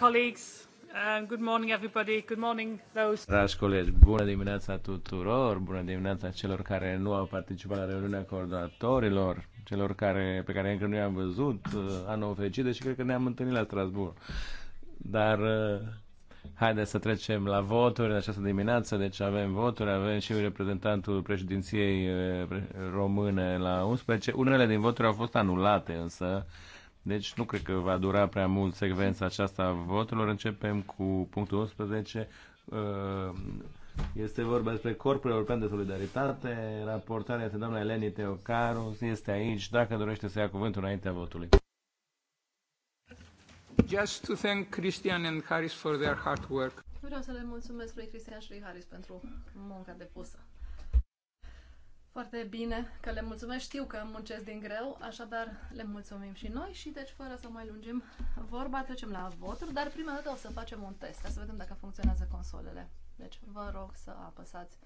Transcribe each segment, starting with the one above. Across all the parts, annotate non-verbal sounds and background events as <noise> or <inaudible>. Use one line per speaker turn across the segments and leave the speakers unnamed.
colleagues. Uh, good morning everybody. Good morning those.
Dragi colegi, bună dimineața tuturor, bună dimineața celor care nu au participat la reuniunea coordonatorilor, celor care, pe care încă nu i-am văzut, uh, anul fericit, deși cred că ne-am întâlnit la Strasbourg. Dar uh, haideți să trecem la voturi în această dimineață, deci avem voturi, avem și reprezentantul președinției române la 11. Unele din voturi au fost anulate însă, deci nu cred că va dura prea mult secvența aceasta a voturilor. Începem cu punctul 11. Uh, este vorba despre Corpul European de Solidaritate. Raportarea este doamna Eleni Teocaru. Este aici dacă dorește să ia cuvântul înaintea votului. Just to thank Christian and Harris for their hard work.
Vreau să le mulțumesc lui Cristian și lui Harris pentru munca depusă. Foarte bine că le mulțumesc. Știu că muncesc din greu, așadar le mulțumim și noi și deci fără să mai lungim vorba, trecem la voturi, dar prima dată o să facem un test, ca să vedem dacă funcționează consolele. Deci vă rog să apăsați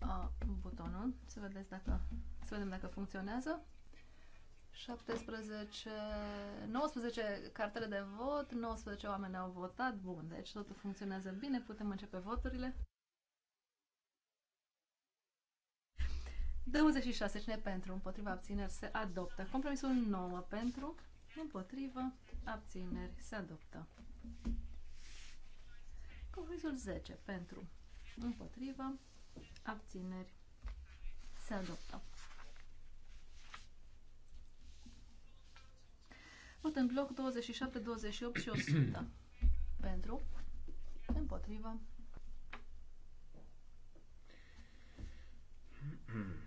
a, butonul, să, vedeți dacă, să vedem dacă funcționează. 17, 19 cartele de vot, 19 oameni au votat, bun, deci totul funcționează bine, putem începe voturile. 26 cine pentru, împotriva abțineri se adoptă. Compromisul 9 pentru, împotriva abțineri se adoptă. Compromisul 10 pentru, împotriva abțineri se adoptă. Vot în bloc 27, 28 și 100 <clears throat> pentru, împotriva.
Mm-hmm. <clears throat>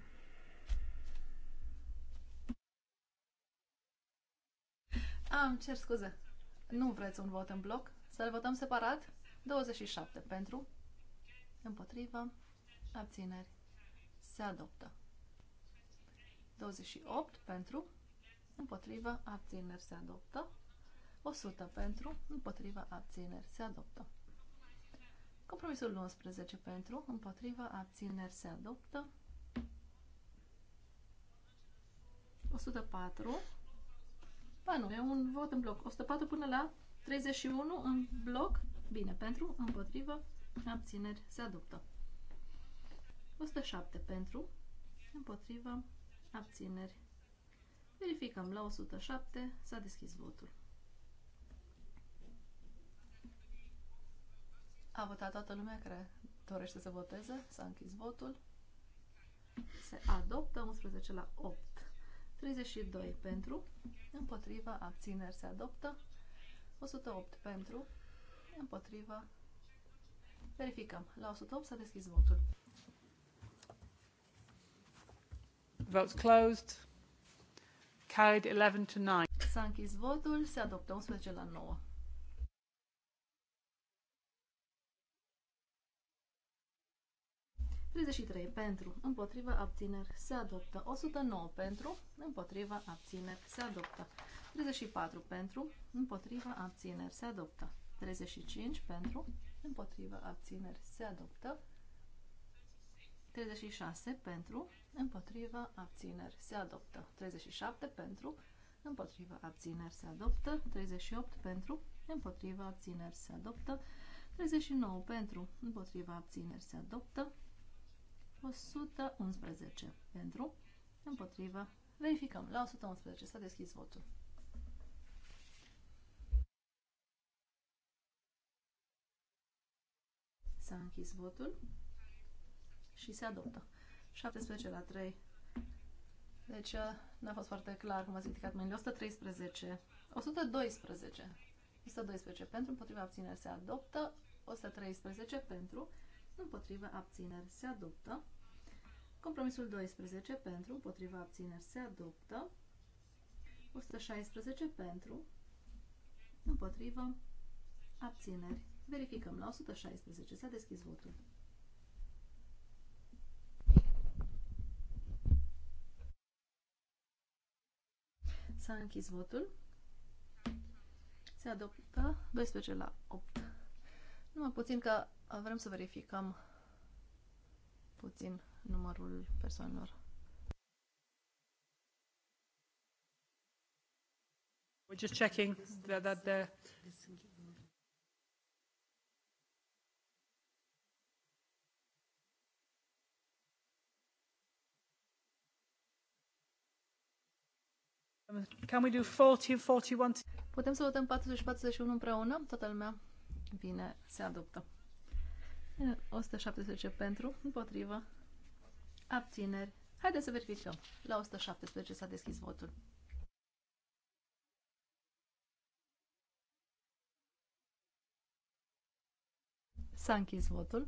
Am, ah, îmi cer scuze. Nu vreți un vot în bloc? Să-l votăm separat? 27 pentru, împotrivă, abțineri, se adoptă. 28 pentru, împotrivă, abțineri, se adoptă. 100 pentru, împotrivă, abțineri, se adoptă. Compromisul 11 pentru, împotrivă, abțineri, se adoptă. 104 nu, e un vot în bloc. 104 până la 31 în bloc. Bine, pentru, împotrivă, abțineri se adoptă. 107 pentru, împotrivă, abțineri. Verificăm la 107, s-a deschis votul. A votat toată lumea care dorește să voteze, s-a închis votul. Se adoptă 11 la 8. 32 pentru, împotriva, abțineri se adoptă. 108 pentru, împotriva. Verificăm. La 108 s-a deschis votul.
Votes closed.
Carried 11 to 9. S-a închis votul, se adoptă 11 la 9. 33 pentru, împotrivă, abțineri, se adoptă. 109 pentru, împotrivă, abțineri, se adoptă. 34 pentru, împotrivă, abțineri, se adoptă. 35 pentru, împotrivă, abțineri, se adoptă. 36 pentru, împotrivă, abțineri, se adoptă. 37 pentru, împotrivă, abțineri, se adoptă. 38 pentru, împotrivă, abțineri, se adoptă. 39 pentru, împotriva abțineri se adoptă, 111 pentru, împotrivă. Verificăm. La 111 s-a deschis votul. S-a închis votul și se adoptă. 17 la 3. Deci uh, n-a fost foarte clar cum ați ridicat mâinile. 113. 112. 112 pentru, împotriva abțineri se adoptă. 113 pentru, împotriva abțineri, se adoptă. Compromisul 12 pentru, împotriva abțineri, se adoptă. 116 pentru, împotriva abțineri. Verificăm la 116. S-a deschis votul. S-a închis votul. Se adoptă 12 la 8. Numai puțin că Vrem să verificăm puțin numărul persoanelor. We're just checking that, that the Can we do 40 and 41? Putem să votăm 40-41 împreună? Toată lumea? vine, se adoptă. 117 pentru, împotrivă, abțineri. Haideți să verificăm. La 117 s-a deschis votul. S-a închis votul.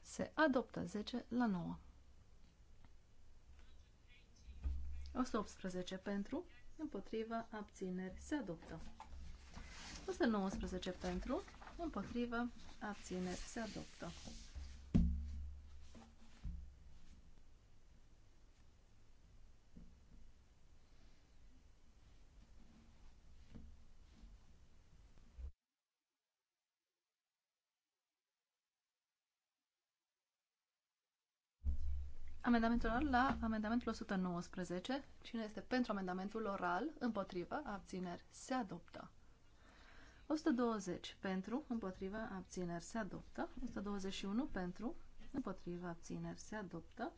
Se adoptă 10 la 9. 118 pentru, împotrivă, abțineri, se adoptă. 119 pentru, împotrivă, abțineri, se adoptă. Amendamentul oral la amendamentul 119. Cine este pentru amendamentul oral, împotrivă, abțineri, se adoptă. 120 pentru, împotriva, abțineri se adoptă. 121 pentru, împotriva, abțineri se adoptă.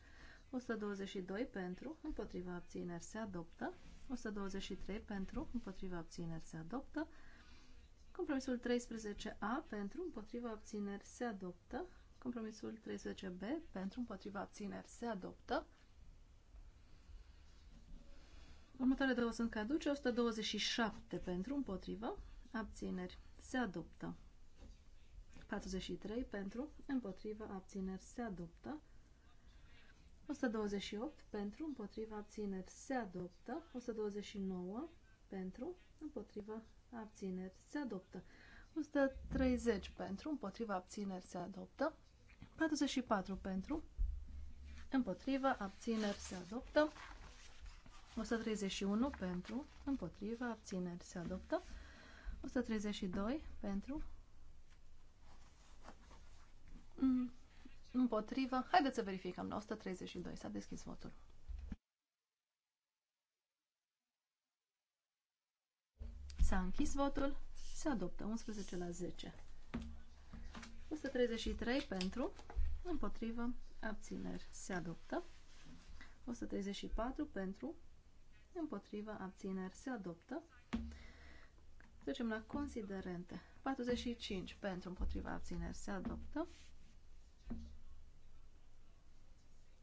122 pentru, împotriva, abțineri se adoptă. 123 pentru, împotriva, abțineri se adoptă. Compromisul 13A pentru, împotriva, abțineri se adoptă. Compromisul 13B pentru, împotriva, abțineri se adoptă. Următoarele două sunt caduce, 127 pentru, împotriva, abțineri, se adoptă. 43 pentru, împotrivă, abțineri, se adoptă. 128 pentru, împotrivă, abțineri, se adoptă. 129 pentru, împotrivă, abțineri, se adoptă. 130 pentru, împotrivă, abțineri, se adoptă. 44 pentru, împotrivă, abțineri, se adoptă. 131 pentru, împotrivă, abțineri, se adoptă. 132 pentru. Mm, împotrivă. Haideți să verificăm. La 132 s-a deschis votul. S-a închis votul. Se adoptă 11 la 10. 133 pentru. Împotrivă. Abțineri. Se adoptă. 134 pentru. Împotrivă. Abțineri. Se adoptă. Trecem la considerente. 45 pentru împotriva abțineri se adoptă.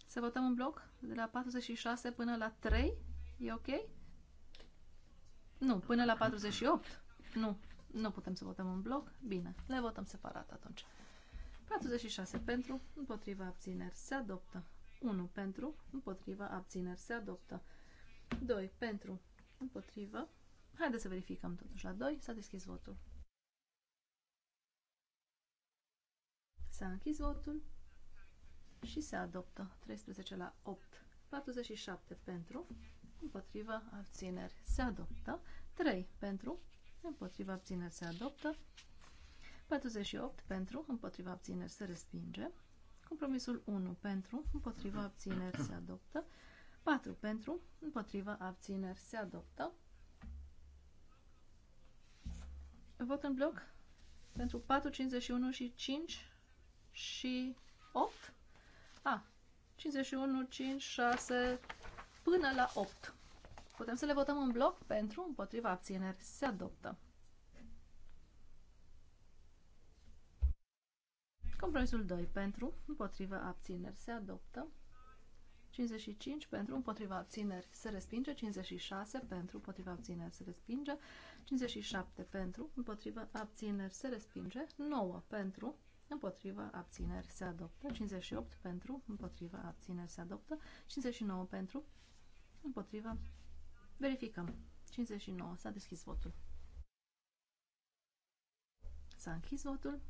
Să votăm un bloc de la 46 până la 3? E ok? Nu, până la 48? Nu, nu putem să votăm un bloc. Bine, le votăm separat atunci. 46 pentru, împotriva abțineri se adoptă. 1 pentru, împotriva abțineri se adoptă. 2 pentru, împotriva Haideți să verificăm totuși la 2. S-a deschis votul. S-a închis votul și se adoptă 13 la 8. 47 pentru, împotriva abțineri se adoptă. 3 pentru, împotriva abțineri se adoptă. 48 pentru, împotriva abțineri se respinge. Compromisul 1 pentru, împotriva abțineri se adoptă. 4 pentru, împotriva abțineri se adoptă. Vot în bloc pentru 4, 51 și 5 și 8. A, 51, 5, 6 până la 8. Putem să le votăm în bloc pentru împotriva abțineri. Se adoptă. Compromisul 2 pentru împotriva abțineri. Se adoptă. 55 pentru împotriva abțineri se respinge, 56 pentru împotriva abțineri se respinge, 57 pentru împotriva abțineri se respinge, 9 pentru împotriva abțineri se adoptă, 58 pentru împotriva abțineri se adoptă, 59 pentru împotriva verificăm. 59 s-a deschis votul. S-a închis votul.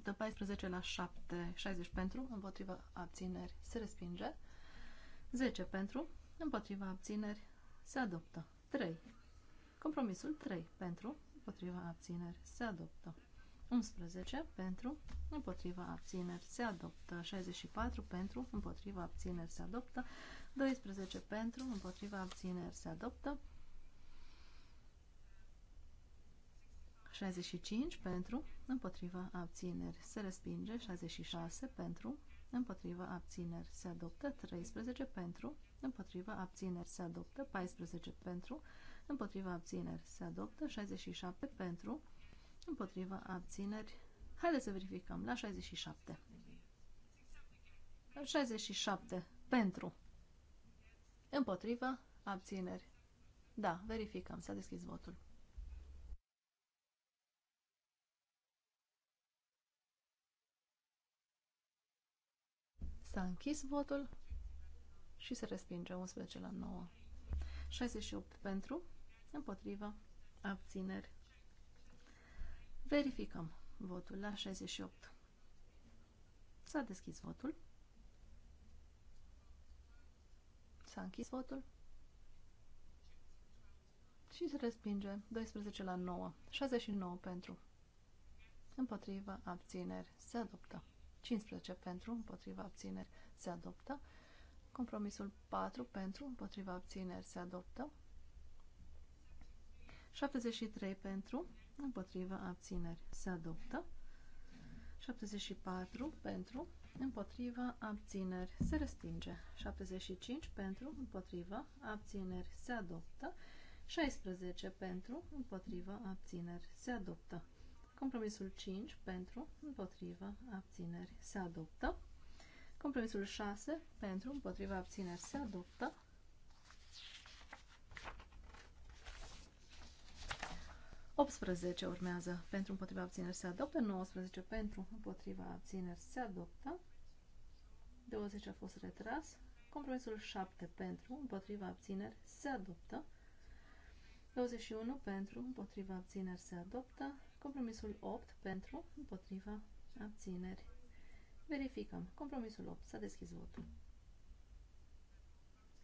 14 la 7, 60 pentru, împotriva abțineri se respinge. 10 pentru, împotriva abțineri se adoptă. 3. Compromisul 3 pentru, împotriva abțineri se adoptă. 11 pentru, împotriva abțineri se adoptă. 64 pentru, împotriva abțineri se adoptă. 12 pentru, împotriva abțineri se adoptă. 65 pentru, împotriva abțineri se respinge, 66 pentru, împotriva abțineri se adoptă, 13 pentru, împotriva abțineri se adoptă, 14 pentru, împotriva abțineri se adoptă, 67 pentru, împotriva abțineri. Haideți să verificăm la 67. 67 pentru, împotriva abțineri. Da, verificăm, s-a deschis votul. S-a închis votul și se respinge 11 la 9. 68 pentru, împotriva, abțineri. Verificăm votul la 68. S-a deschis votul. S-a închis votul. Și se respinge 12 la 9. 69 pentru. Împotriva, abțineri. Se adoptă. 15 pentru, împotriva abțineri se adoptă. Compromisul 4 pentru, împotriva abțineri se adoptă. 73 pentru, împotriva abțineri se adoptă. 74 pentru, împotriva abțineri se respinge. 75 pentru, împotriva abțineri se adoptă. 16 pentru, împotriva abțineri se adoptă. Compromisul 5 pentru, împotriva, abțineri se adoptă. Compromisul 6 pentru, împotriva, abțineri se adoptă. urmează pentru împotriva abțineri se adoptă, 19 pentru împotriva abțineri se adoptă, 20 a fost retras, compromisul 7 pentru împotriva abțineri se adoptă, 21 pentru, împotriva abțineri se adoptă, Compromisul 8 pentru, împotriva, abțineri. Verificăm. Compromisul 8. S-a deschis votul.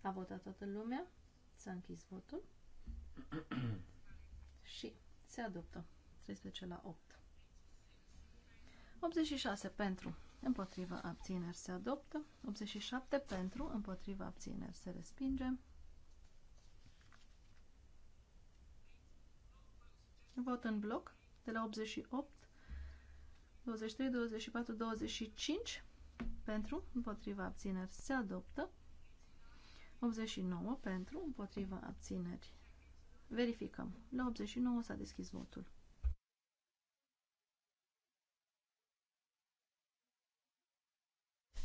A votat toată lumea. S-a închis votul. <clears throat> și se adoptă. 13 la 8. 86 pentru, împotriva abțineri se adoptă. 87 pentru, împotriva abțineri se respinge. Vot în bloc de la 88, 23, 24, 25 pentru, împotriva abțineri se adoptă, 89 pentru, împotriva abțineri. Verificăm. La 89 s-a deschis votul.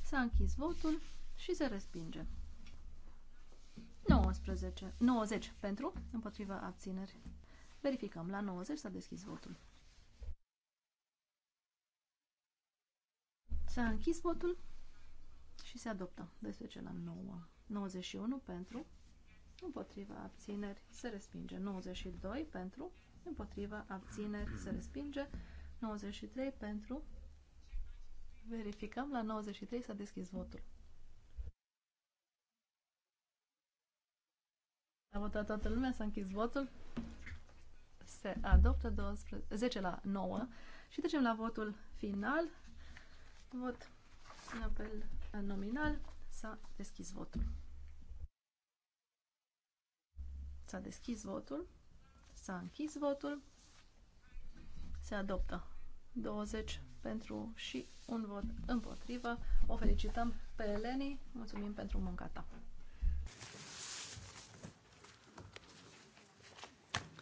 S-a închis votul și se respinge. 19, 90 pentru, împotriva abțineri. Verificăm. La 90 s-a deschis votul. S-a închis votul și se adoptă. 12 la 9. 91 pentru, împotriva abțineri, se respinge. 92 pentru, împotriva abțineri, se respinge. 93 pentru, verificăm, la 93 s-a deschis votul. A votat toată lumea, s-a închis votul. Se adoptă 12, 10 la 9 și trecem la votul final. Vot în apel nominal. S-a deschis votul. S-a deschis votul. S-a închis votul. Se adoptă 20 pentru și un vot împotrivă. O felicităm pe Eleni. Mulțumim pentru munca ta.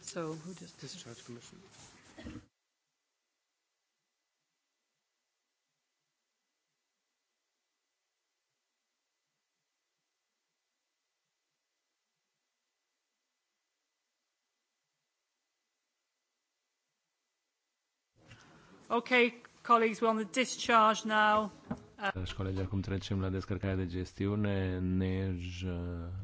So, who does discharge commission?
Okay, colleagues, we're on the discharge now.
colegi, acum trecem la descărcarea de gestiune. Nej,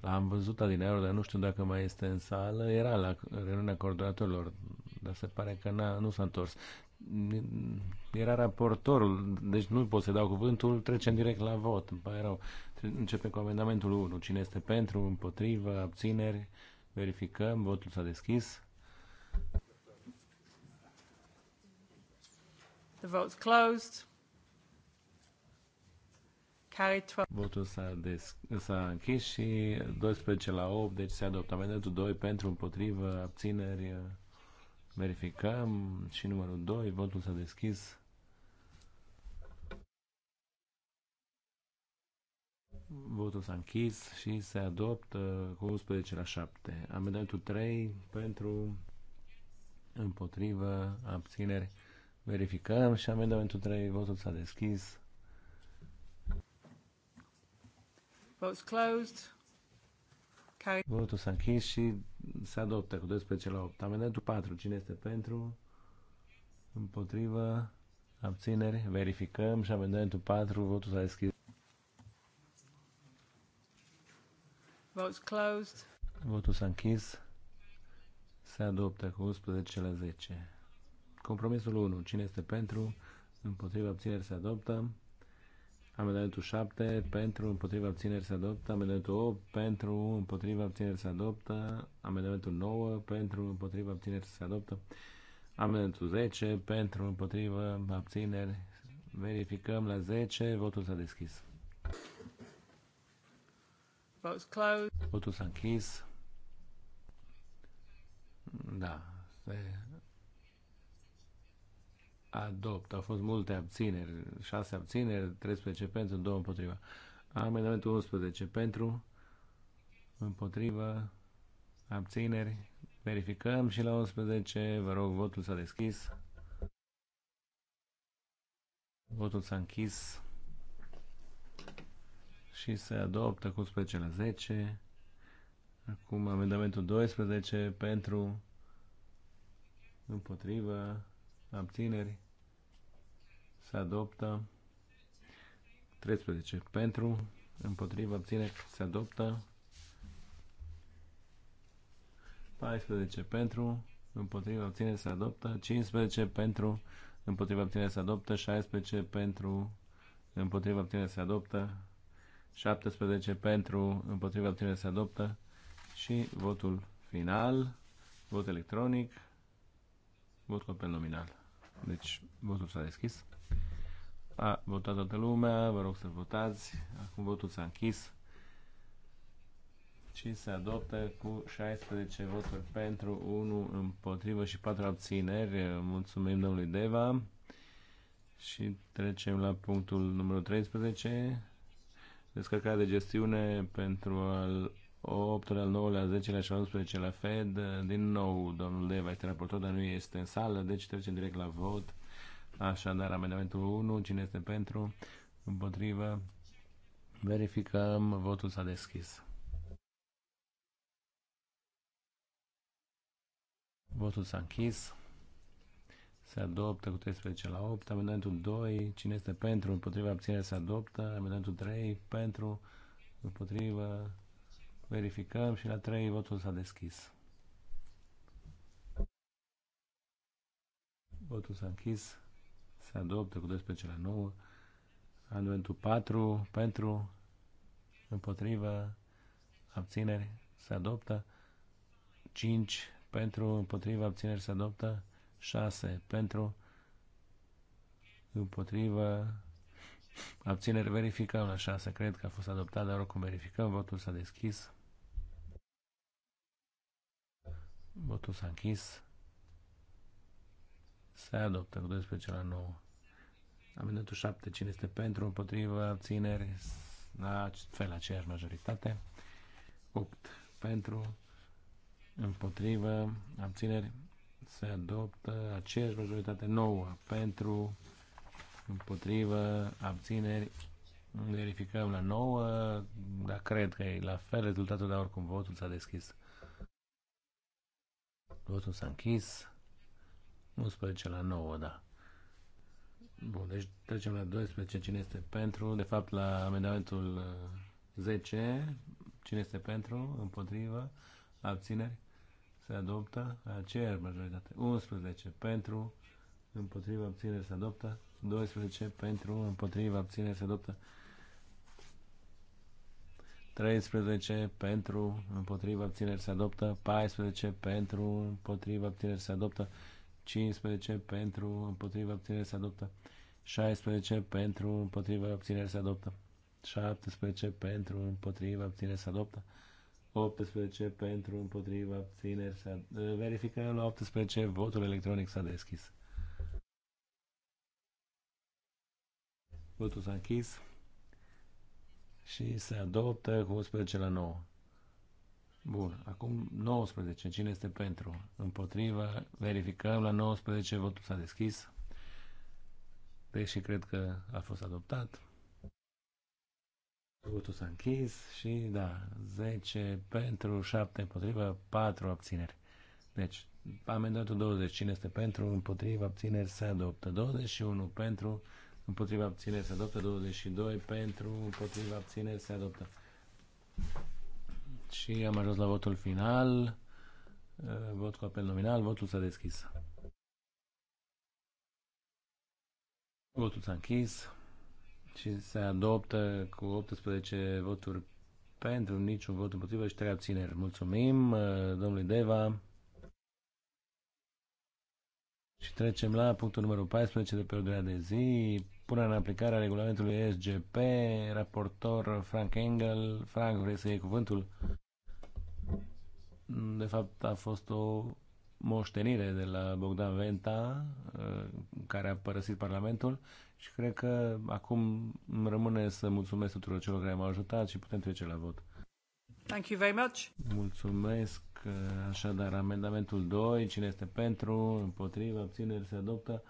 l-am uh, văzut adineaur, dar nu știu dacă mai este în sală. Era la reuniunea coordonatorilor, dar se pare că n-a, nu s-a întors. Era raportorul, deci nu pot să dau cuvântul, trecem direct la vot. Îmi pare rău. Începem cu amendamentul 1. Cine este pentru, împotrivă, abțineri, verificăm, votul s-a deschis.
The vote's closed.
Votul s-a, des- s-a închis și 12 la 8, deci se adoptă amendamentul 2 pentru, împotrivă, abțineri. Verificăm și numărul 2, votul s-a deschis. Votul s-a închis și se adoptă cu 11 la 7. Amendamentul 3 pentru împotrivă abțineri Verificăm și amendamentul 3, votul s-a deschis.
Vote's closed. Okay.
Votul s-a închis și se adoptă cu 12 la 8. Amendamentul 4, cine este pentru? Împotrivă? Abțineri? Verificăm și amendamentul 4, votul s-a deschis.
Vote's closed.
Votul s-a închis. Se adoptă cu 11 la 10. Compromisul 1. Cine este pentru? Împotriva abțineri se adoptă. Amendamentul 7. Pentru. Împotriva abțineri se adoptă. Amendamentul 8. Pentru. Împotriva abțineri se adoptă. Amendamentul 9. Pentru. Împotriva abțineri se adoptă. Amendamentul 10. Pentru. Împotriva abțineri. Verificăm la 10. Votul s-a deschis. Votul s-a închis. Da, Adopt. Au fost multe abțineri, 6 abțineri, 13 pentru, 2 împotriva. Amendamentul 11 pentru, împotriva, abțineri. Verificăm și la 11, vă rog, votul s-a deschis. Votul s-a închis și se adoptă cu 11 la 10. Acum amendamentul 12 pentru împotriva abțineri, se adoptă. 13 pentru, împotriva, abțineri, se adoptă. 14 pentru, împotriva, abțineri, se adoptă. 15 pentru, împotriva, abțineri, se adoptă. 16 pentru, împotriva, abțineri, se adoptă. 17 pentru, împotriva, abțineri, se adoptă. Și votul final, vot electronic, vot copil nominal. Deci, votul s-a deschis. A votat toată lumea, vă rog să votați. Acum votul s-a închis. Și se adoptă cu 16 voturi pentru, 1 împotrivă și 4 abțineri. Mulțumim domnului Deva. Și trecem la punctul numărul 13. Descărcarea de gestiune pentru al 8-lea, 9-lea, 10-lea și 11 la Fed. Din nou, domnul Deva este raportor, dar nu este în sală, deci trecem direct la vot. Așadar, amendamentul 1, cine este pentru, împotrivă, verificăm, votul s-a deschis. Votul s-a închis. Se adoptă cu 13 la 8. Amendamentul 2, cine este pentru, împotriva, abținere se adoptă. Amendamentul 3, pentru, împotriva, Verificăm și la 3 votul s-a deschis. Votul s-a închis. Se adoptă cu 12 la 9. Amendamentul 4 pentru, împotrivă, abțineri, se adoptă. 5 pentru, împotrivă, abțineri, se adoptă. 6 pentru, împotrivă, abțineri, verificăm la 6. Cred că a fost adoptat, dar oricum verificăm. Votul s-a deschis. Votul s-a închis. Se adoptă cu 12 la 9. Amendamentul 7. Cine este pentru, împotrivă, abțineri? La fel, aceeași majoritate. 8. Pentru, împotrivă, abțineri. Se adoptă aceeași majoritate. 9. Pentru, împotrivă, abțineri. Verificăm la 9, dar cred că e la fel rezultatul, dar oricum votul s-a deschis. Votul s-a închis. 11 la 9, da. Bun, deci trecem la 12. Cine este pentru? De fapt, la amendamentul 10. Uh, Cine este pentru? Împotrivă? Abțineri? Se adoptă? Aceeași majoritate. 11 pentru? Împotrivă? Abțineri? Se adoptă? 12 pentru? Împotrivă? Abțineri? Se adoptă? 13 pentru, împotriva abțineri se adoptă, 14 pentru, împotriva abțineri se adoptă, 15 pentru, împotriva abțineri se adoptă, 16 pentru, împotriva abțineri se adoptă, 17 pentru, împotriva abțineri se adoptă, 18 pentru, împotriva abțineri se adoptă. Verifică la 18, votul electronic s-a deschis. Votul s-a închis și se adoptă cu 11 la 9. Bun, acum 19. Cine este pentru? Împotrivă, verificăm la 19, votul s-a deschis. Deși cred că a fost adoptat. Votul s-a închis și da, 10 pentru, 7 împotrivă, 4 abțineri. Deci, amendatul 20, cine este pentru, Împotrivă, abțineri, se adoptă. 21 pentru, împotriva abțineri se adoptă, 22 pentru, împotriva abțineri se adoptă. Și am ajuns la votul final, uh, vot cu apel nominal, votul s-a deschis. Votul s-a închis și se adoptă cu 18 voturi pentru, niciun vot împotriva și 3 abțineri. Mulțumim uh, domnului Deva. Și trecem la punctul numărul 14 de pe ordinea de zi, punerea în aplicare a regulamentului SGP, raportor Frank Engel. Frank, vrei să iei cuvântul? De fapt, a fost o moștenire de la Bogdan Venta, uh, care a părăsit Parlamentul și cred că acum îmi rămâne să mulțumesc tuturor celor care m-au ajutat și putem trece la vot.
Thank you very much.
Mulțumesc. Uh, așadar, amendamentul 2, cine este pentru, împotrivă, abțineri, se adoptă.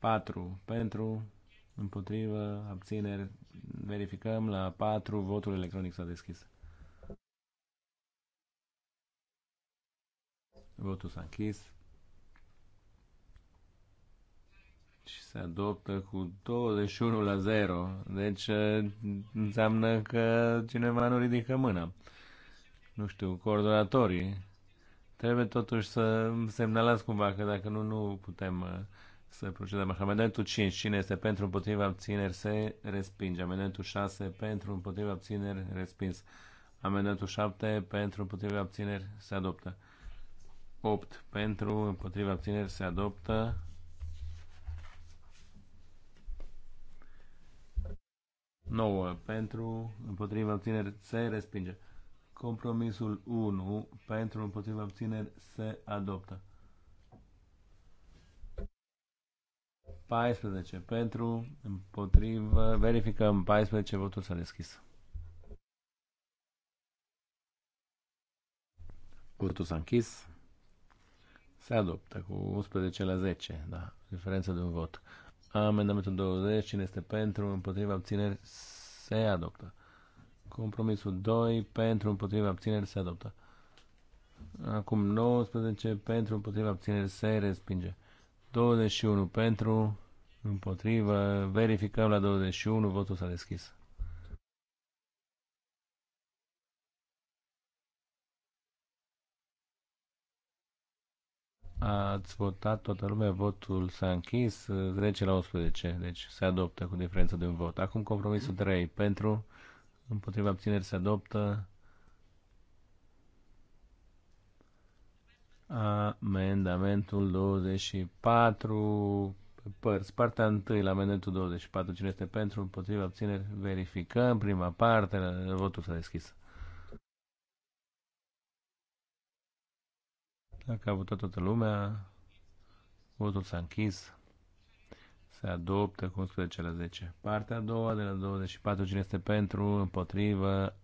4 pentru, împotrivă, abțineri. Verificăm la 4, votul electronic s-a deschis. Votul s-a închis. și se adoptă cu 21 la 0. Deci uh, înseamnă că cineva nu ridică mâna. Nu știu, coordonatorii. Trebuie totuși să semnalați cumva că dacă nu, nu putem uh, să procedăm așa. Amendamentul 5. Cine este pentru, împotriva, abțineri, se respinge. Amendamentul 6. Pentru, împotriva, abțineri, respins. Amendamentul 7. Pentru, împotriva, abțineri, se adoptă. 8. Pentru, împotriva, abțineri, se adoptă. Nouă. Pentru, împotriva, abțineri, se respinge. Compromisul 1. Pentru, împotriva, abțineri, se adoptă. 14 pentru, împotrivă, verificăm 14, votul s-a deschis. Votul s-a închis. Se adoptă cu 11 la 10, da, diferență de un vot. Amendamentul 20, cine este pentru, împotriva abțineri, se adoptă. Compromisul 2, pentru, împotriva abțineri, se adoptă. Acum 19, pentru, împotriva abțineri, se respinge. 21 pentru, împotrivă, verificăm la 21, votul s-a deschis. Ați votat toată lumea, votul s-a închis, 10 la 11, deci se adoptă cu diferență de un vot. Acum compromisul 3, pentru, împotriva abțineri se adoptă, Amendamentul 24 părți. Partea 1 la amendamentul 24. Cine este pentru, împotriva, abțineri, verificăm. Prima parte, votul s-a deschis. Dacă a votat toată lumea, votul s-a închis. Se adoptă cu 11 la 10. Partea a doua de la 24. Cine este pentru, împotrivă,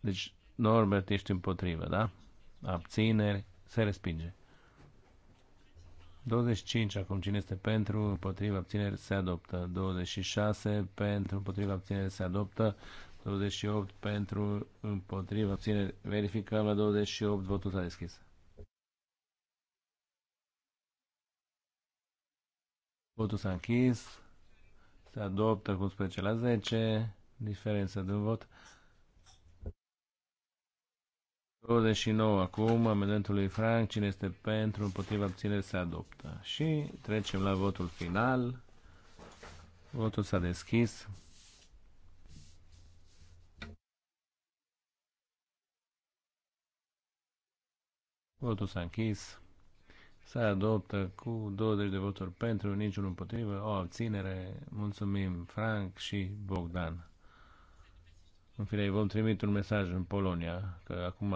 deci Norbert, ești împotrivă, da? Abțineri, se respinge. 25, acum cine este pentru, împotriva abțineri, se adoptă. 26, pentru, împotriva abțineri, se adoptă. 28, pentru, împotriva abțineri, verificăm la 28, votul s-a deschis. Votul s-a închis, se adoptă cu 11 la 10, diferență de un vot. 29 acum, amendamentului Frank, cine este pentru, împotriva abținere se adoptă. Și trecem la votul final. Votul s-a deschis. Votul s-a închis. Se adoptă cu 20 de voturi pentru, niciunul împotrivă, o abținere. Mulțumim Frank și Bogdan. În fine, vom trimite un mesaj în Polonia, că acum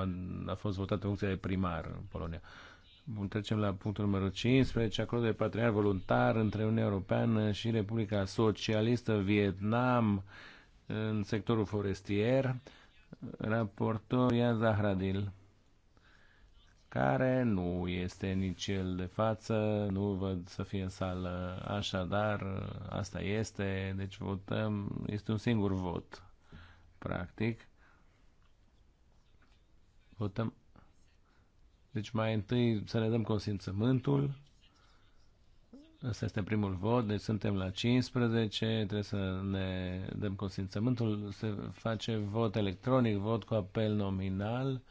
a fost votată funcția de primar în Polonia. Bun, trecem la punctul numărul 15, acolo de patriar voluntar între Uniunea Europeană și Republica Socialistă Vietnam în sectorul forestier. Raportor Ian Zahradil, care nu este nici el de față, nu văd să fie în sală. Așadar, asta este, deci votăm, este un singur vot practic. Votăm. Deci mai întâi să ne dăm consimțământul. asta este primul vot, deci suntem la 15, trebuie să ne dăm consimțământul, se face vot electronic, vot cu apel nominal.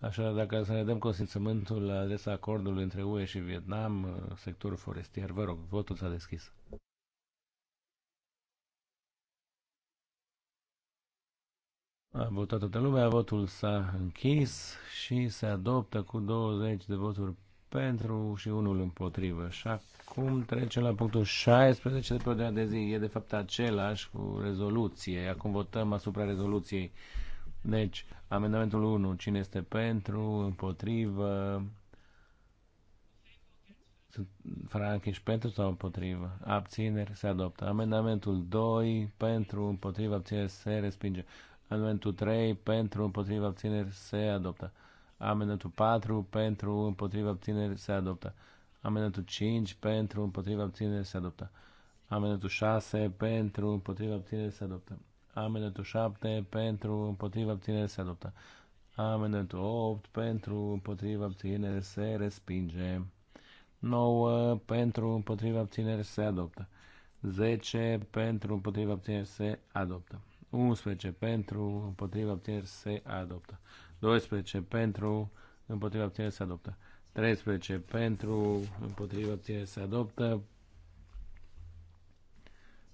Așa, dacă să ne dăm consimțământul la adresa acordului între UE și Vietnam, sectorul forestier, vă rog, votul s-a deschis. A votat toată lumea, votul s-a închis și se adoptă cu 20 de voturi pentru și unul împotrivă. Și acum trecem la punctul 16 de pe ordinea de zi. E de fapt același cu rezoluție. Acum votăm asupra rezoluției. Deci, amendamentul 1. Cine este pentru, împotrivă? Frank, ești pentru sau împotrivă? Abțineri, se adoptă. Amendamentul 2, pentru, împotrivă, abțineri, se respinge. Amendamentul 3 pentru împotriva abțineri se adoptă. Amendamentul 4 pentru împotriva abțineri se adoptă. Amendamentul 5 pentru împotriva abțineri se adoptă. Amendamentul 6 pentru împotriva abțineri se adoptă. Amendamentul 7 pentru împotriva abțineri se adoptă. Amendamentul 8 pentru împotriva abțineri se respinge. 9 pentru împotriva abțineri se adoptă. 10 pentru împotriva abțineri se adoptă. 11 pentru, împotriva obțineri se adoptă. 12 pentru, împotriva obțineri se adoptă. 13 pentru, împotriva obțineri se adoptă.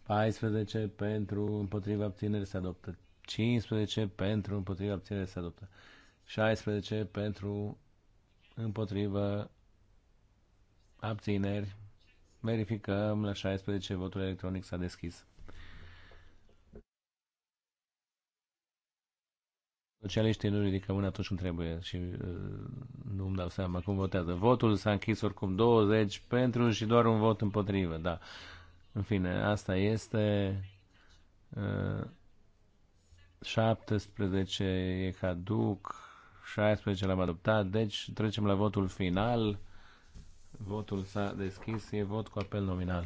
14 pentru, împotriva obțineri se adoptă. 15 pentru, împotriva obțineri se adoptă. 16 pentru, împotriva abțineri. Verificăm la 16 votul electronic s-a deschis. Socialiștii nu ridică mâna atunci când trebuie și uh, nu îmi dau seama cum votează. Votul s-a închis oricum 20 pentru și doar un vot împotrivă, da. În fine, asta este... Uh, 17 e caduc, 16 l-am adoptat, deci trecem la votul final. Votul s-a deschis, e vot cu apel nominal.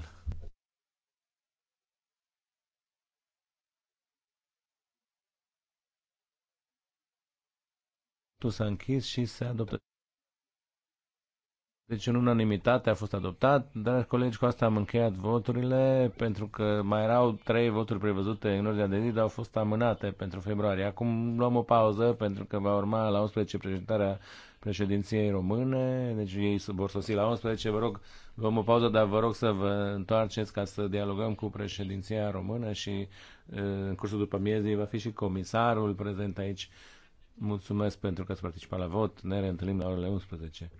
Votul s-a închis și se adoptă. Deci în unanimitate a fost adoptat. Dragi colegi, cu asta am încheiat voturile, pentru că mai erau trei voturi prevăzute în ordinea de zi, dar au fost amânate pentru februarie. Acum luăm o pauză, pentru că va urma la 11 prezentarea președinției române, deci ei vor sosi la 11. Vă rog, luăm o pauză, dar vă rog să vă întoarceți ca să dialogăm cu președinția română și în cursul după miezii va fi și comisarul prezent aici. Mulțumesc pentru că ați participat la vot. Ne reîntâlnim la orele 11.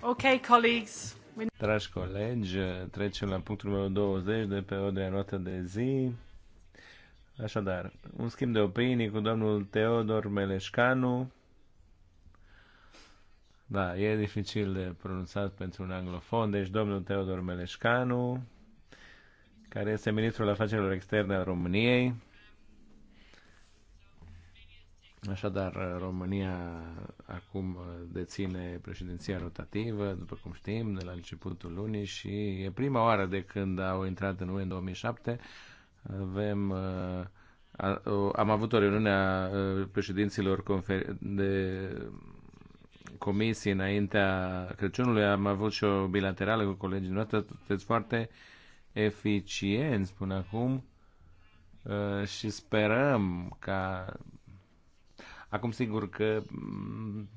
Ok,
colleagues.
Dragi colegi, trecem la punctul numărul 20 de pe ordinea noastră de zi. Așadar, un schimb de opinii cu domnul Teodor Meleșcanu. Da, e dificil de pronunțat pentru un anglofon, deci domnul Teodor Meleșcanu, care este ministrul afacerilor externe al României Așadar, România acum deține președinția rotativă, după cum știm, de la începutul lunii și e prima oară de când au intrat în UE în 2007. Avem, uh, am avut o reuniune a uh, președinților de comisii înaintea Crăciunului, am avut și o bilaterală cu colegii noastre, sunteți foarte eficienți până acum uh, și sperăm ca Acum, sigur că mm,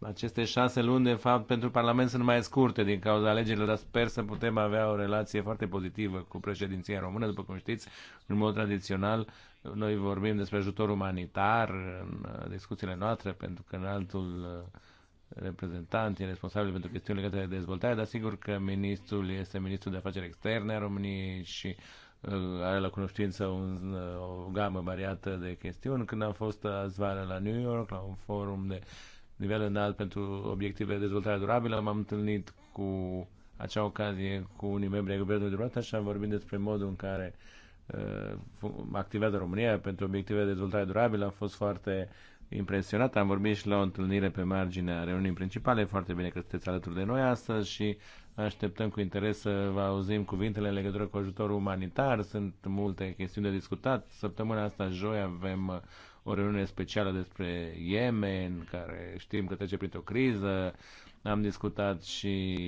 aceste șase luni, de fapt, pentru Parlament sunt mai scurte din cauza alegerilor, dar sper să putem avea o relație foarte pozitivă cu președinția română. După cum știți, în mod tradițional, noi vorbim despre ajutor umanitar în uh, discuțiile noastre, pentru că în altul uh, reprezentant e responsabil pentru chestiuni legate de dezvoltare, dar sigur că ministrul este ministrul de afaceri externe a României și uh, are la cunoștință un, o gamă variată de chestiuni. Când am fost azi vară la New York, la un forum de nivel înalt pentru obiective de dezvoltare durabilă, m-am întâlnit cu acea ocazie cu unii membri ai Guvernului de Roata și am vorbit despre modul în care uh, activează România pentru obiective de dezvoltare durabilă. Am fost foarte impresionat. Am vorbit și la o întâlnire pe marginea reuniunii principale. Foarte bine că sunteți alături de noi astăzi și Așteptăm cu interes să vă auzim cuvintele în legătură cu ajutorul umanitar. Sunt multe chestiuni de discutat. Săptămâna asta, joi, avem o reuniune specială despre Yemen, care știm că trece printr-o criză. Am discutat și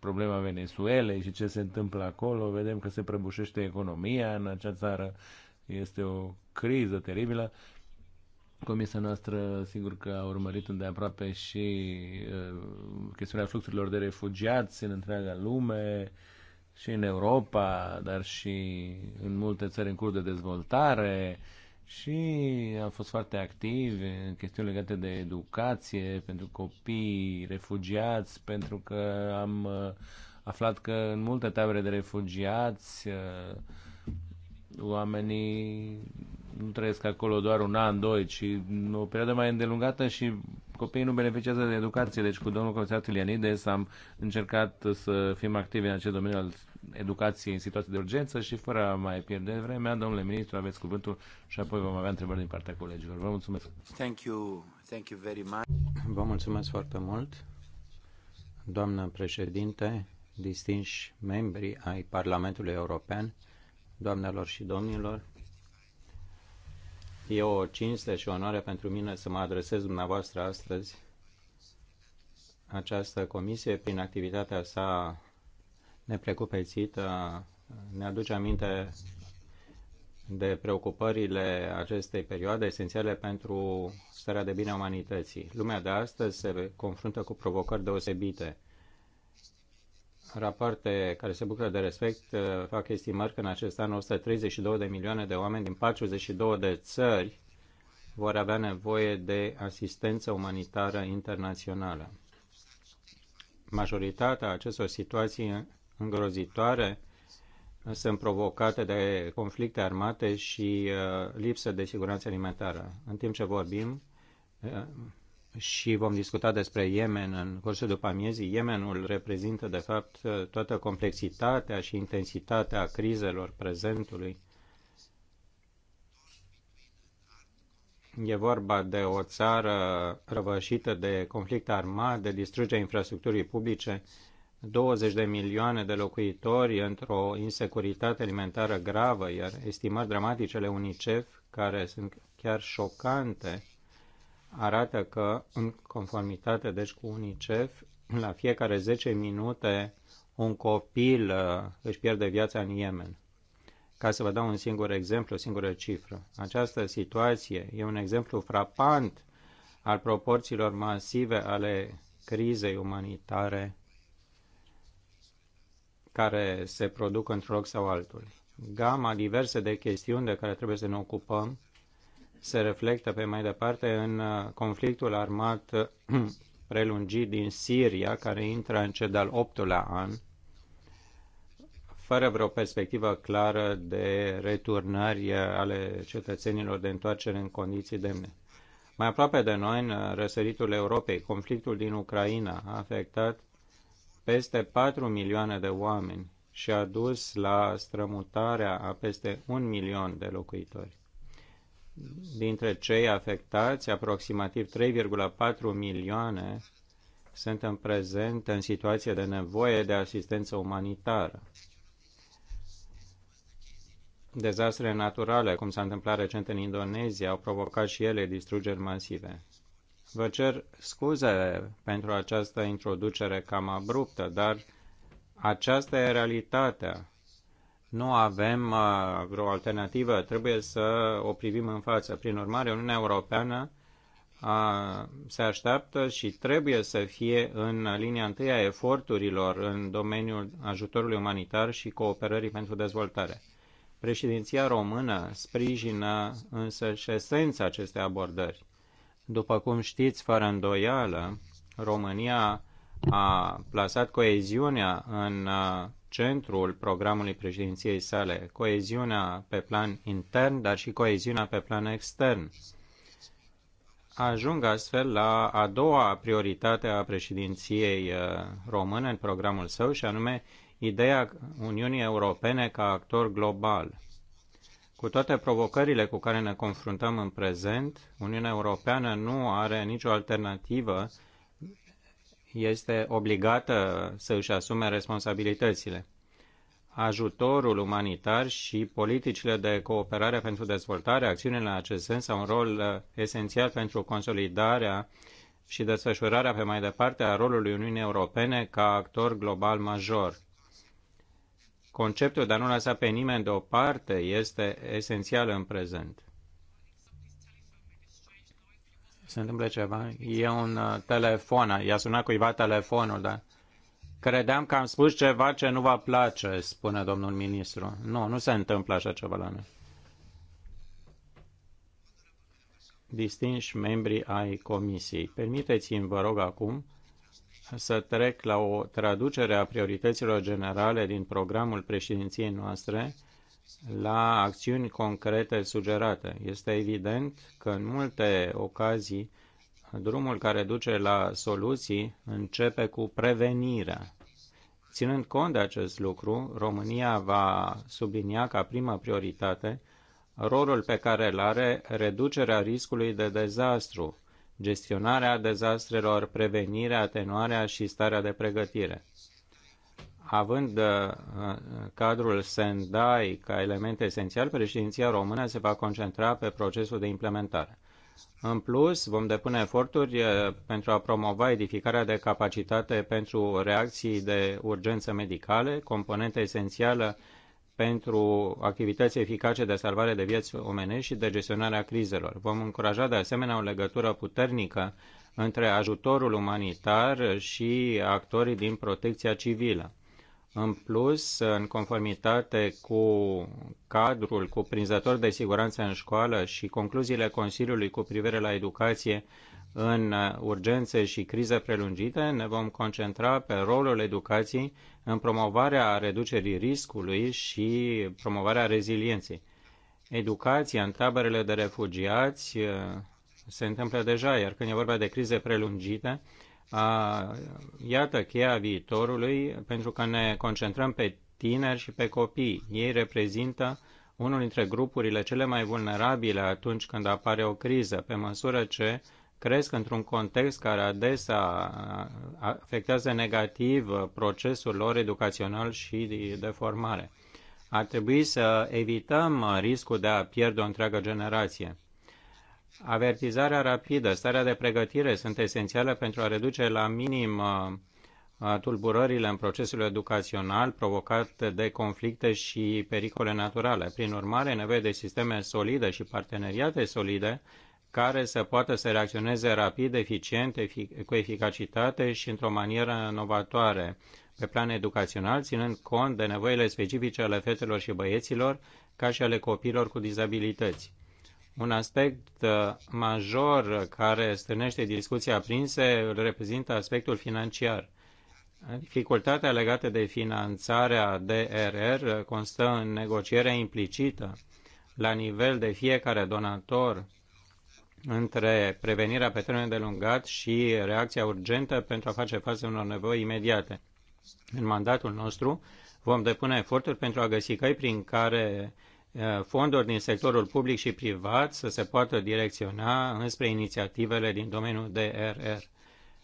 problema Venezuelei și ce se întâmplă acolo. Vedem că se prăbușește economia în acea țară. Este o criză teribilă Comisia noastră, sigur că a urmărit îndeaproape și uh, chestiunea fluxurilor de refugiați în întreaga lume, și în Europa, dar și în multe țări în curs de dezvoltare și am fost foarte activ în chestiuni legate de educație pentru copii, refugiați, pentru că am uh, aflat că în multe tabere de refugiați uh, oamenii nu trăiesc acolo doar un an, doi, ci o perioadă mai îndelungată și copiii nu beneficiază de educație. Deci cu domnul comisar Tilianides am încercat să fim activi în acest domeniu al educației în situații de urgență și fără a mai pierde vremea, domnule ministru, aveți cuvântul și apoi vom avea întrebări din partea colegilor. Vă mulțumesc!
Thank you. Thank you very much. Vă mulțumesc foarte mult, doamnă președinte, distinși membri ai Parlamentului European, doamnelor și domnilor, E o cinste și onoare pentru mine să mă adresez dumneavoastră astăzi această comisie prin activitatea sa neprecupețită ne aduce aminte de preocupările acestei perioade esențiale pentru starea de bine a umanității. Lumea de astăzi se confruntă cu provocări deosebite rapoarte care se bucură de respect uh, fac estimări că în acest an 132 de milioane de oameni din 42 de țări vor avea nevoie de asistență umanitară internațională. Majoritatea acestor situații îngrozitoare sunt provocate de conflicte armate și uh, lipsă de siguranță alimentară. În timp ce vorbim, uh, și vom discuta despre Yemen în cursul după amiezii. Yemenul reprezintă, de fapt, toată complexitatea și intensitatea crizelor prezentului. E vorba de o țară răvășită de conflict armat, de distrugerea infrastructurii publice, 20 de milioane de locuitori într-o insecuritate alimentară gravă, iar estimări dramatice ale UNICEF, care sunt chiar șocante, arată că, în conformitate deci cu UNICEF, la fiecare 10 minute un copil uh, își pierde viața în Yemen. Ca să vă dau un singur exemplu, o singură cifră. Această situație e un exemplu frapant al proporțiilor masive ale crizei umanitare care se produc într-un loc sau altul. Gama diverse de chestiuni de care trebuie să ne ocupăm se reflectă pe mai departe în uh, conflictul armat uh, <clears throat> prelungit din Siria, care intră în cel de-al optulea an, fără vreo perspectivă clară de returnări uh, ale cetățenilor de întoarcere în condiții demne. Mai aproape de noi, în răsăritul Europei, conflictul din Ucraina a afectat peste 4 milioane de oameni și a dus la strămutarea a peste un milion de locuitori. Dintre cei afectați, aproximativ 3,4 milioane sunt în prezent în situație de nevoie de asistență umanitară. Dezastre naturale, cum s-a întâmplat recent în Indonezia, au provocat și ele distrugeri masive. Vă cer scuze pentru această introducere cam abruptă, dar aceasta e realitatea nu avem uh, vreo alternativă, trebuie să o privim în față. Prin urmare, Uniunea Europeană uh, se așteaptă și trebuie să fie în linia întâi a eforturilor în domeniul ajutorului umanitar și cooperării pentru dezvoltare. Președinția română sprijină însă și esența acestei abordări. După cum știți, fără îndoială, România a plasat coeziunea în uh, centrul programului președinției sale, coeziunea pe plan intern, dar și coeziunea pe plan extern. Ajung astfel la a doua prioritate a președinției uh, române în programul său și anume ideea Uniunii Europene ca actor global. Cu toate provocările cu care ne confruntăm în prezent, Uniunea Europeană nu are nicio alternativă este obligată să își asume responsabilitățile. Ajutorul umanitar și politicile de cooperare pentru dezvoltare, acțiunile în acest sens au un rol uh, esențial pentru consolidarea și desfășurarea pe mai departe a rolului Uniunii Europene ca actor global major. Conceptul de a nu lăsa pe nimeni deoparte este esențial în prezent se întâmplă ceva. E un uh, telefon, i-a sunat cuiva telefonul, dar credeam că am spus ceva ce nu vă place, spune domnul ministru. Nu, nu se întâmplă așa ceva la noi. Distinși membri ai comisiei, permiteți-mi, vă rog, acum să trec la o traducere a priorităților generale din programul președinției noastre la acțiuni concrete sugerate. Este evident că în multe ocazii drumul care duce la soluții începe cu prevenirea. Ținând cont de acest lucru, România va sublinia ca primă prioritate rolul pe care îl are reducerea riscului de dezastru, gestionarea dezastrelor, prevenirea, atenuarea și starea de pregătire având uh, uh, cadrul Sendai ca element esențial, președinția română se va concentra pe procesul de implementare. În plus, vom depune eforturi uh, pentru a promova edificarea de capacitate pentru reacții de urgență medicale, componentă esențială pentru activități eficace de salvare de vieți omenești și de gestionarea crizelor. Vom încuraja de asemenea o legătură puternică între ajutorul umanitar și actorii din protecția civilă. În plus, în conformitate cu cadrul cuprinzător de siguranță în școală și concluziile Consiliului cu privire la educație în urgențe și crize prelungite, ne vom concentra pe rolul educației în promovarea reducerii riscului și promovarea rezilienței. Educația în taberele de refugiați uh, se întâmplă deja, iar când e vorba de crize prelungite, a, iată cheia viitorului pentru că ne concentrăm pe tineri și pe copii. Ei reprezintă unul dintre grupurile cele mai vulnerabile atunci când apare o criză, pe măsură ce cresc într-un context care adesea afectează negativ procesul lor educațional și de formare. Ar trebui să evităm riscul de a pierde o întreagă generație. Avertizarea rapidă, starea de pregătire sunt esențiale pentru a reduce la minim uh, uh, tulburările în procesul educațional provocate de conflicte și pericole naturale. Prin urmare, nevoie de sisteme solide și parteneriate solide care să poată să reacționeze rapid, eficient, efic- cu eficacitate și într-o manieră inovatoare pe plan educațional, ținând cont de nevoile specifice ale fetelor și băieților, ca și ale copiilor cu dizabilități. Un aspect uh, major care strânește discuții aprinse îl reprezintă aspectul financiar. Dificultatea legată de finanțarea DRR constă în negocierea implicită la nivel de fiecare donator între prevenirea pe termen de lungat și reacția urgentă pentru a face față unor nevoi imediate. În mandatul nostru vom depune eforturi pentru a găsi căi prin care Uh, fonduri din sectorul public și privat să se poată direcționa înspre inițiativele din domeniul DRR.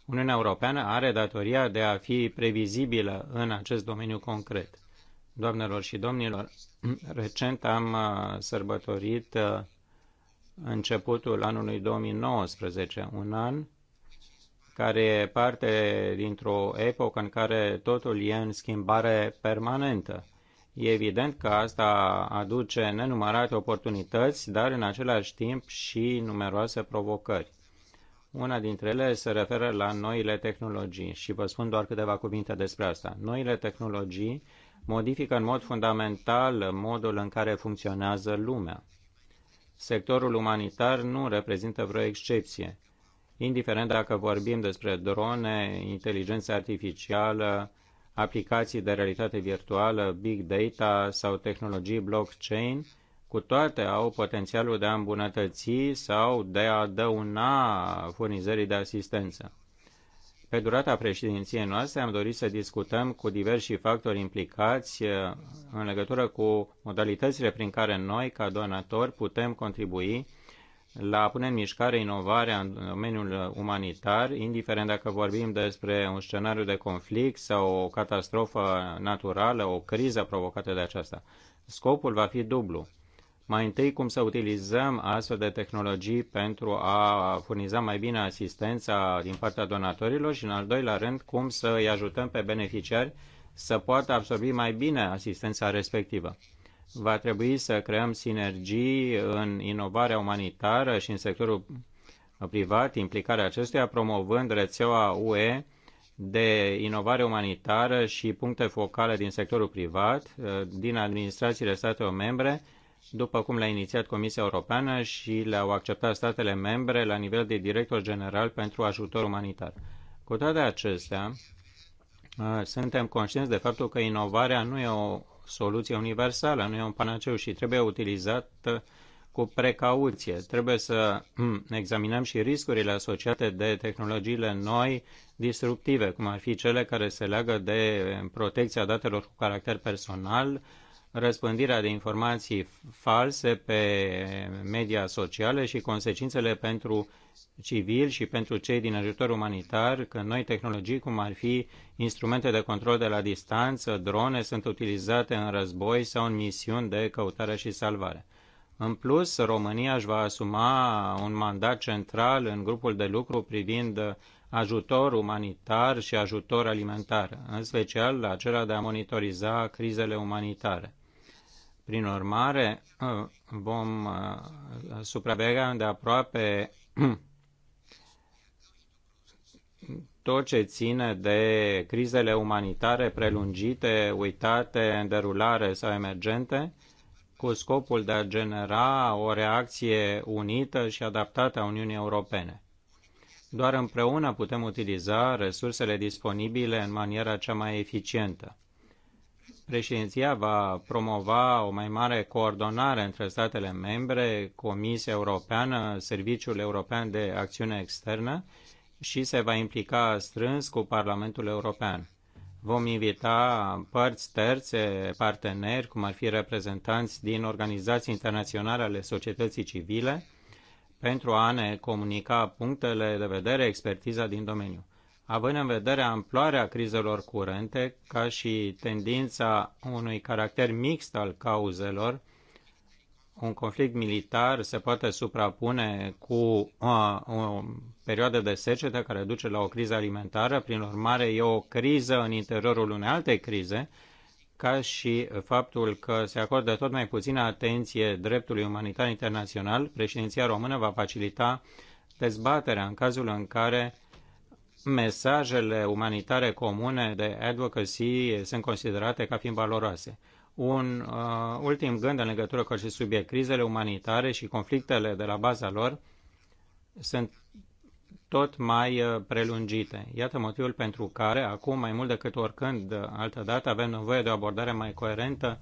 Uniunea Europeană are datoria de a fi previzibilă în acest domeniu concret. Doamnelor și domnilor, <clears throat> recent am uh, sărbătorit uh, începutul anului 2019, un an care e parte dintr-o epocă în care totul e în schimbare permanentă E evident că asta aduce nenumărate oportunități, dar în același timp și numeroase provocări. Una dintre ele se referă la noile tehnologii și vă spun doar câteva cuvinte despre asta. Noile tehnologii modifică în mod fundamental modul în care funcționează lumea. Sectorul umanitar nu reprezintă vreo excepție, indiferent dacă vorbim despre drone, inteligență artificială, aplicații de realitate virtuală, big data sau tehnologii blockchain, cu toate au potențialul de a îmbunătăți sau de a dăuna furnizării de asistență. Pe durata președinției noastre am dorit să discutăm cu diversi factori implicați eh, în legătură cu modalitățile prin care noi, ca donatori, putem contribui la a pune în mișcare inovarea în domeniul umanitar, indiferent dacă vorbim despre un scenariu de conflict sau o catastrofă naturală, o criză provocată de aceasta. Scopul va fi dublu. Mai întâi, cum să utilizăm astfel de tehnologii pentru a furniza mai bine asistența din partea donatorilor și, în al doilea rând, cum să îi ajutăm pe beneficiari să poată absorbi mai bine asistența respectivă. Va trebui să creăm sinergii în inovarea umanitară și în sectorul privat, implicarea acestuia, promovând rețeaua UE de inovare umanitară și puncte focale din sectorul privat, uh, din administrațiile statelor membre, după cum le-a inițiat Comisia Europeană și le-au acceptat statele membre la nivel de director general pentru ajutor umanitar. Cu toate acestea, uh, suntem conștienți de faptul că inovarea nu e o soluție universală, nu e un panaceu și trebuie utilizată uh, cu precauție. Trebuie să mm, examinăm și riscurile asociate de tehnologiile noi disruptive, cum ar fi cele care se leagă de protecția datelor cu caracter personal, răspândirea de informații false pe media sociale și consecințele pentru civil și pentru cei din ajutor umanitar că noi tehnologii, cum ar fi instrumente de control de la distanță, drone, sunt utilizate în război sau în misiuni de căutare și salvare. În plus, România își va asuma un mandat central în grupul de lucru privind ajutor umanitar și ajutor alimentar, în special la acela de a monitoriza crizele umanitare. Prin urmare, vom uh, supraveghea de aproape <clears throat> tot ce ține de crizele umanitare prelungite, uitate, în derulare sau emergente, cu scopul de a genera o reacție unită și adaptată a Uniunii Europene. Doar împreună putem utiliza resursele disponibile în maniera cea mai eficientă. Președinția va promova o mai mare coordonare între statele membre, Comisia Europeană, Serviciul European de Acțiune Externă și se va implica strâns cu Parlamentul European. Vom invita părți terțe, parteneri, cum ar fi reprezentanți din organizații internaționale ale societății civile, pentru a ne comunica punctele de vedere, expertiza din domeniu având în vedere amploarea crizelor curente, ca și tendința unui caracter mixt al cauzelor, un conflict militar se poate suprapune cu o, o perioadă de secetă care duce la o criză alimentară, prin urmare e o criză în interiorul unei alte crize, ca și faptul că se acordă tot mai puțină atenție dreptului umanitar internațional, președinția română va facilita dezbaterea în cazul în care mesajele umanitare comune de advocacy sunt considerate ca fiind valoroase. Un uh, ultim gând în legătură cu acest subiect. Crizele umanitare și conflictele de la baza lor sunt tot mai uh, prelungite. Iată motivul pentru care acum, mai mult decât oricând altă dată, avem nevoie de o abordare mai coerentă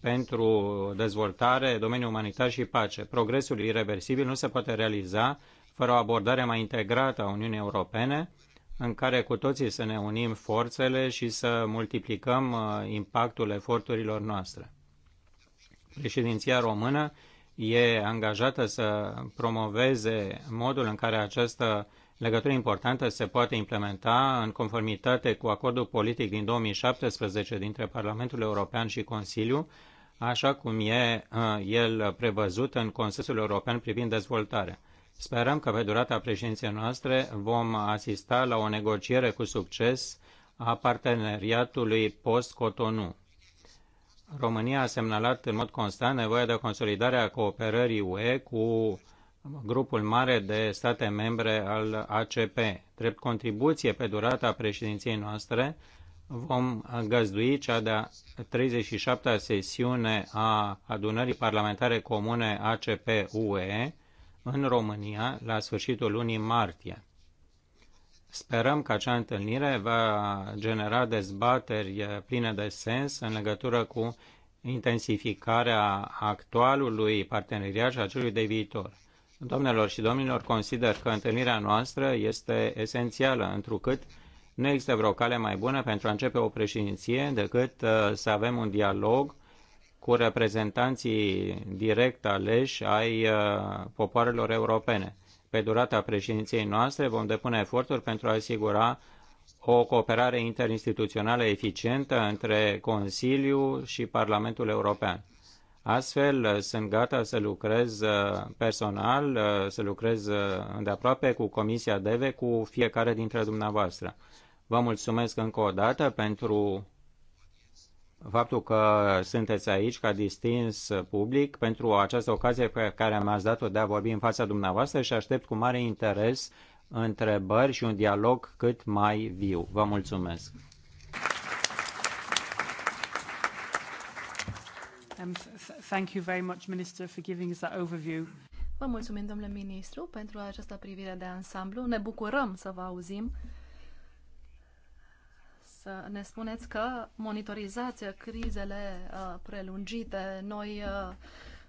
pentru dezvoltare, domeniul umanitar și pace. Progresul irreversibil nu se poate realiza fără o abordare mai integrată a Uniunii Europene, în care cu toții să ne unim forțele și să multiplicăm uh, impactul eforturilor noastre. Președinția română e angajată să promoveze modul în care această legătură importantă se poate implementa în conformitate cu acordul politic din 2017 dintre Parlamentul European și Consiliu, așa cum e uh, el prevăzut în Consensul European privind dezvoltarea. Sperăm că pe durata președinției noastre vom asista la o negociere cu succes a parteneriatului post-Cotonou. România a semnalat în mod constant nevoia de consolidarea cooperării UE cu grupul mare de state membre al ACP. Drept contribuție pe durata președinției noastre, vom găzdui cea de-a 37-a sesiune a adunării parlamentare comune ACP-UE, în România la sfârșitul lunii martie. Sperăm că acea întâlnire va genera dezbateri pline de sens în legătură cu intensificarea actualului parteneriat și acelui de viitor. Domnilor și domnilor, consider că întâlnirea noastră este esențială, întrucât nu există vreo cale mai bună pentru a începe o președinție decât uh, să avem un dialog cu reprezentanții direct aleși ai uh, popoarelor europene. Pe durata președinției noastre vom depune eforturi pentru a asigura o cooperare interinstituțională eficientă între Consiliu și Parlamentul European. Astfel, uh, sunt gata să lucrez uh, personal, să lucrez îndeaproape cu Comisia DEVE, cu fiecare dintre dumneavoastră. Vă mulțumesc încă o dată pentru faptul că sunteți aici ca distins public pentru această ocazie pe care mi-ați dat-o de a vorbi în fața dumneavoastră și aștept cu mare interes întrebări și un dialog cât mai viu. Vă mulțumesc! Um, thank you very much, Minister, for giving us that overview.
Vă mulțumim, domnule ministru, pentru această privire de ansamblu. Ne bucurăm să vă auzim să ne spuneți că monitorizați crizele uh, prelungite. Noi,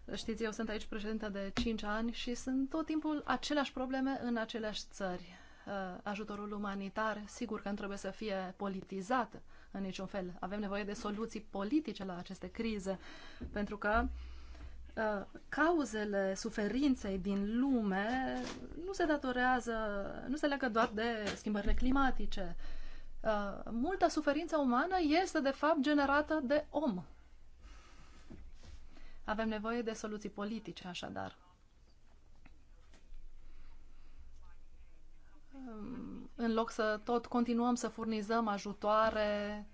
uh, știți, eu sunt aici președintă de 5 ani și sunt tot timpul aceleași probleme în aceleași țări. Uh, ajutorul umanitar, sigur că nu trebuie să fie politizat în niciun fel. Avem nevoie de soluții politice la aceste crize, pentru că cauzele suferinței din lume nu se datorează, nu se leagă doar de schimbările climatice, Uh, multă suferință umană este, de fapt, generată de om. Avem nevoie de soluții politice, așadar. Um, în loc să tot continuăm să furnizăm ajutoare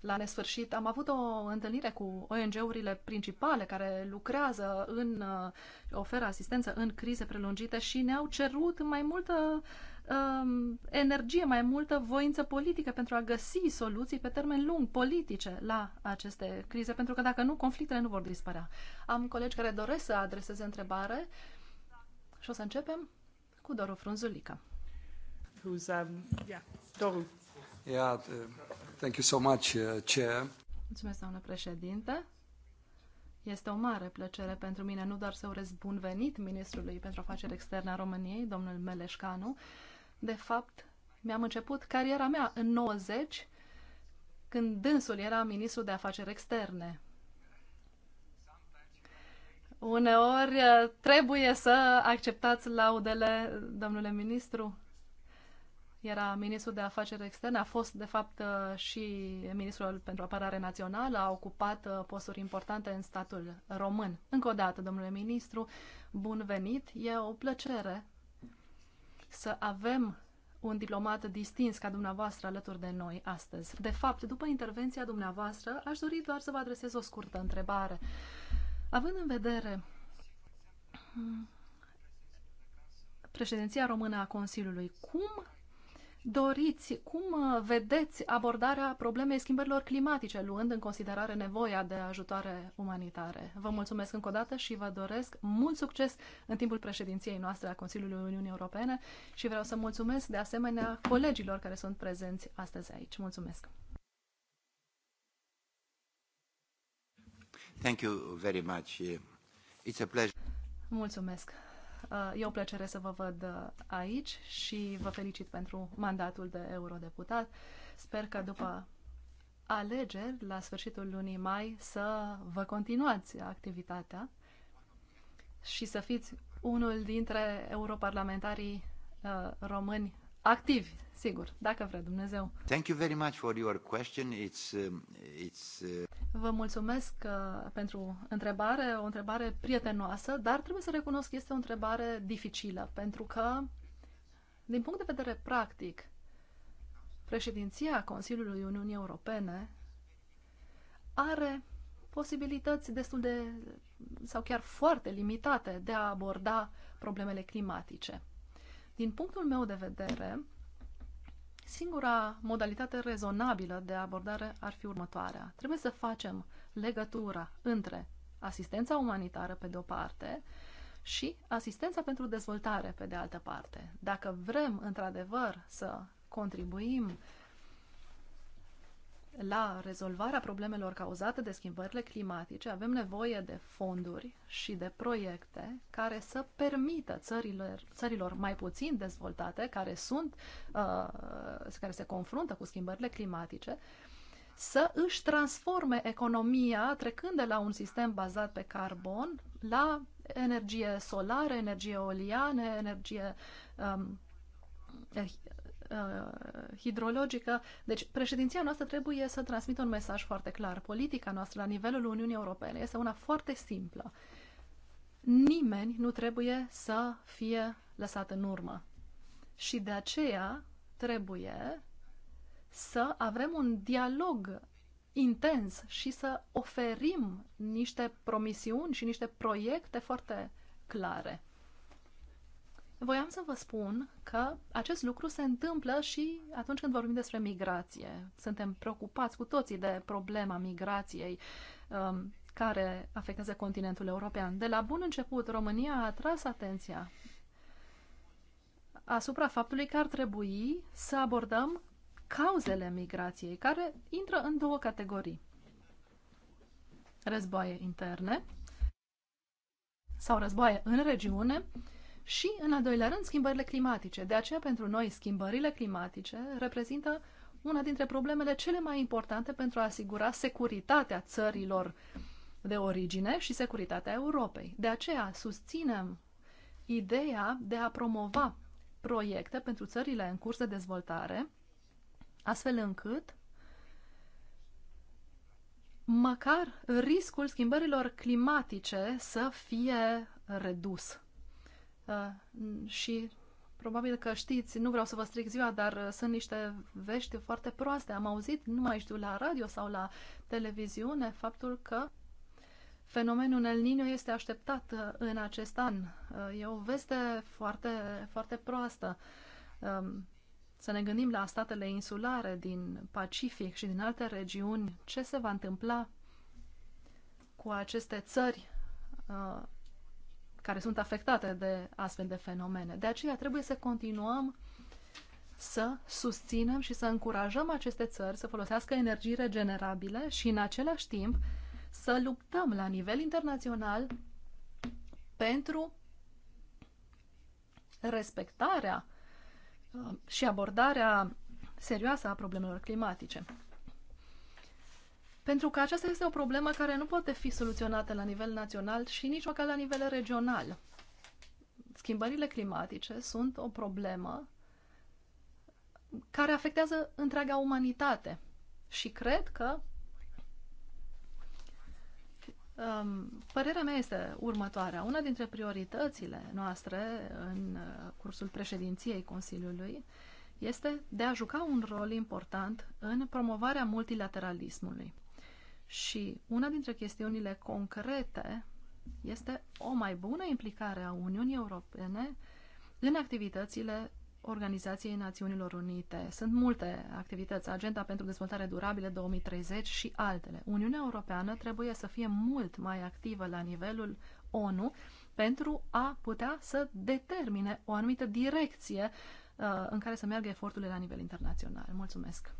la nesfârșit, am avut o întâlnire cu ONG-urile principale care lucrează în, uh, oferă asistență în crize prelungite și ne-au cerut mai multă uh, Um, energie, mai multă voință politică pentru a găsi soluții pe termen lung, politice, la aceste crize, pentru că dacă nu, conflictele nu vor dispărea. Am colegi care doresc să adreseze întrebare și o să începem cu Doru Frunzulica. Who's, um, yeah, Doru.
Yeah, uh, thank you so much, uh, Chair.
Mulțumesc, doamnă președinte. Este o mare plăcere pentru mine nu doar să urez bun venit ministrului pentru afaceri externe a României, domnul Meleșcanu, de fapt, mi-am început cariera mea în 90, când dânsul era ministru de afaceri externe. Uneori uh, trebuie să acceptați laudele, domnule ministru. Era ministru de afaceri externe, a fost de fapt uh, și ministrul pentru apărare națională, a ocupat uh, posturi importante în statul român. Încă o dată, domnule ministru, bun venit, e o plăcere să avem un diplomat distins ca dumneavoastră alături de noi astăzi. De fapt, după intervenția dumneavoastră, aș dori doar să vă adresez o scurtă întrebare. Având în vedere mm, președinția română a Consiliului, cum doriți, cum uh, vedeți abordarea problemei schimbărilor climatice, luând în considerare nevoia de ajutoare umanitare? Vă mulțumesc încă o dată și vă doresc mult succes în timpul președinției noastre a Consiliului Uniunii Europene și vreau să mulțumesc de asemenea colegilor care sunt prezenți astăzi aici. Mulțumesc!
Thank you very much. It's a pleasure.
Mulțumesc Uh, e o plăcere să vă văd uh, aici și vă felicit pentru mandatul de eurodeputat. Sper că după alegeri, la sfârșitul lunii mai, să vă continuați activitatea și să fiți unul dintre europarlamentarii uh, români activi, sigur, dacă vrea Dumnezeu.
Thank you very much for your question. It's, um, it's, uh,
Vă mulțumesc uh, pentru întrebare, o întrebare prietenoasă, dar trebuie să recunosc că este o întrebare dificilă, pentru că, din punct de vedere practic, președinția Consiliului Uniunii Europene are posibilități destul de, sau chiar foarte limitate, de a aborda problemele climatice. Din punctul meu de vedere, singura modalitate rezonabilă de abordare ar fi următoarea. Trebuie să facem legătura între asistența umanitară pe de o parte și asistența pentru dezvoltare pe de altă parte. Dacă vrem într-adevăr să contribuim uh, la rezolvarea problemelor cauzate de schimbările climatice avem nevoie de fonduri și de proiecte care să permită țărilor, țărilor mai puțin dezvoltate, care, sunt, uh, care se confruntă cu schimbările climatice, să își transforme economia trecând de la un sistem bazat pe carbon la energie solară, energie eoliană, energie um, Uh, hidrologică. Deci, președinția noastră trebuie să transmită un mesaj foarte clar. Politica noastră la nivelul Uniunii Europene este una foarte simplă. Nimeni nu trebuie să fie lăsat în urmă. Și de aceea trebuie să avem un dialog intens și să oferim niște promisiuni și niște proiecte foarte clare. Voiam să vă spun că acest lucru se întâmplă și atunci când vorbim despre migrație. Suntem preocupați cu toții de problema migrației um, care afectează continentul european. De la bun început, România a atras atenția asupra faptului că ar trebui să abordăm cauzele migrației, care intră în două categorii. Războaie interne sau războaie în regiune și, în al doilea rând, schimbările climatice. De aceea, pentru noi, schimbările climatice reprezintă una dintre problemele cele mai importante pentru a asigura securitatea țărilor de origine și securitatea Europei. De aceea, susținem ideea de a promova proiecte pentru țările în curs de dezvoltare, astfel încât măcar riscul schimbărilor climatice să fie redus. Uh, și probabil că știți, nu vreau să vă stric ziua, dar uh, sunt niște vești foarte proaste. Am auzit, nu mai știu, la radio sau la televiziune, faptul că fenomenul El Nino este așteptat uh, în acest an. E o veste foarte, foarte proastă. Um, să ne gândim la statele insulare din Pacific și din alte regiuni, ce se va întâmpla cu aceste țări care sunt afectate de astfel de fenomene. De aceea trebuie să continuăm să susținem și să încurajăm aceste țări să folosească energii regenerabile și în același timp să luptăm la nivel internațional pentru respectarea uh, și abordarea serioasă a problemelor climatice. Pentru că aceasta este o problemă care nu poate fi soluționată la nivel național și nici măcar la nivel regional. Schimbările climatice sunt o problemă care afectează întreaga umanitate. Și cred că um, părerea mea este următoarea. Una dintre prioritățile noastre în uh, cursul președinției Consiliului este de a juca un rol important în promovarea multilateralismului. Și una dintre chestiunile concrete este o mai bună implicare a Uniunii Europene în activitățile Organizației Națiunilor Unite. Sunt multe activități, Agenda pentru Dezvoltare Durabilă 2030 și altele. Uniunea Europeană trebuie să fie mult mai activă la nivelul ONU pentru a putea să determine o anumită direcție uh, în care să meargă eforturile la nivel internațional. Mulțumesc!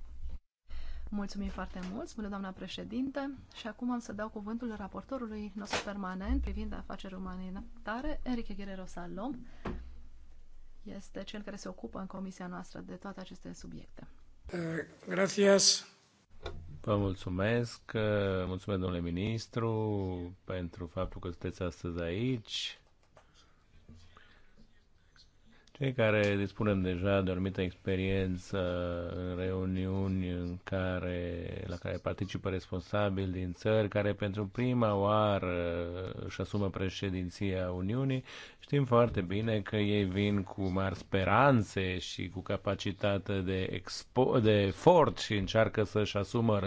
Mulțumim foarte mult, spune doamna președinte, și acum am să dau cuvântul raportorului nostru permanent privind afaceri umanitare, Enrique Guerrero Salom. Este cel care se ocupă în comisia noastră de toate aceste subiecte.
Eh,
gracias. Vă mulțumesc, mulțumesc domnule ministru pentru faptul că sunteți astăzi aici cei care dispunem deja de o anumită experiență în reuniuni în care, la care participă responsabili din țări care pentru prima oară își asumă președinția Uniunii, știm foarte bine că ei vin cu mari speranțe și cu capacitate de, expo- de efort și încearcă să-și asumă,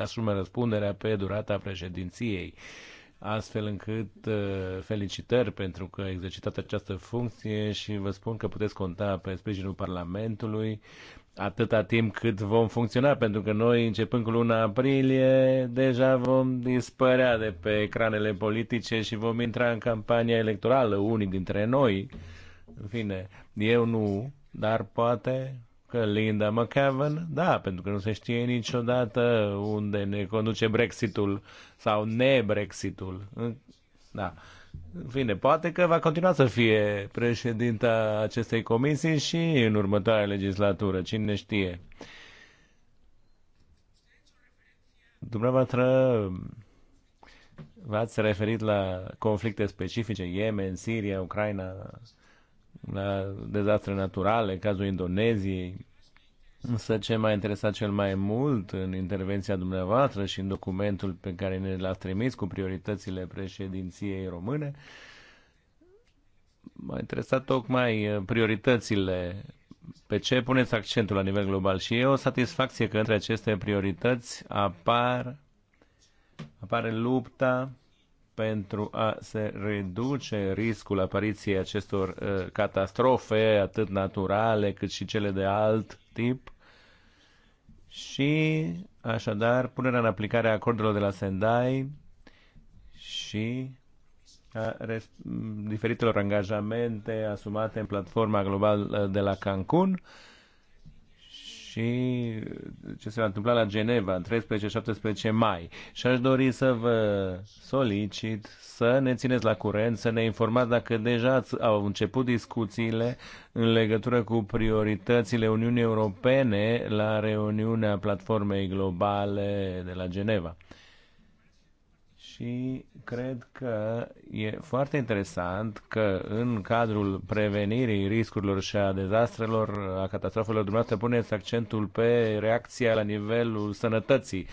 asumă răspunderea pe durata președinției. Uh, astfel încât uh, felicitări pentru că exercitați această funcție și vă spun că puteți conta pe sprijinul Parlamentului atâta timp cât vom funcționa, pentru că noi, începând cu luna aprilie, deja vom dispărea de pe ecranele politice și vom intra în campania electorală, unii dintre noi. În fine, eu nu, dar poate că Linda McCavan, da, pentru că nu se știe niciodată unde ne conduce Brexitul sau ne-Brexitul. Da. În fine, poate că va continua să fie președinta acestei comisii și în următoarea legislatură, cine știe. Dumneavoastră v-ați referit la conflicte specifice, Yemen, Siria, Ucraina, la dezastre naturale, cazul Indoneziei. Însă ce m-a interesat cel mai mult în intervenția dumneavoastră și în documentul pe care ne l-ați trimis cu prioritățile președinției române, m-a interesat tocmai uh, prioritățile pe ce puneți accentul la nivel global și e o satisfacție că între aceste priorități apar, apare lupta pentru a se reduce riscul apariției acestor uh, catastrofe, atât naturale cât și cele de alt tip, și așadar punerea în aplicare a acordurilor de la Sendai și a diferitelor angajamente asumate în platforma globală uh, de la Cancun, uh, și ce se va întâmpla la Geneva în 13-17 mai. Și aș dori să vă solicit să ne țineți la curent, să ne informați dacă deja au început discuțiile în legătură cu prioritățile Uniunii Europene la reuniunea platformei globale de la Geneva și cred că e foarte interesant că în cadrul prevenirii riscurilor și a dezastrelor, a catastrofelor, dumneavoastră puneți accentul pe reacția la nivelul sănătății,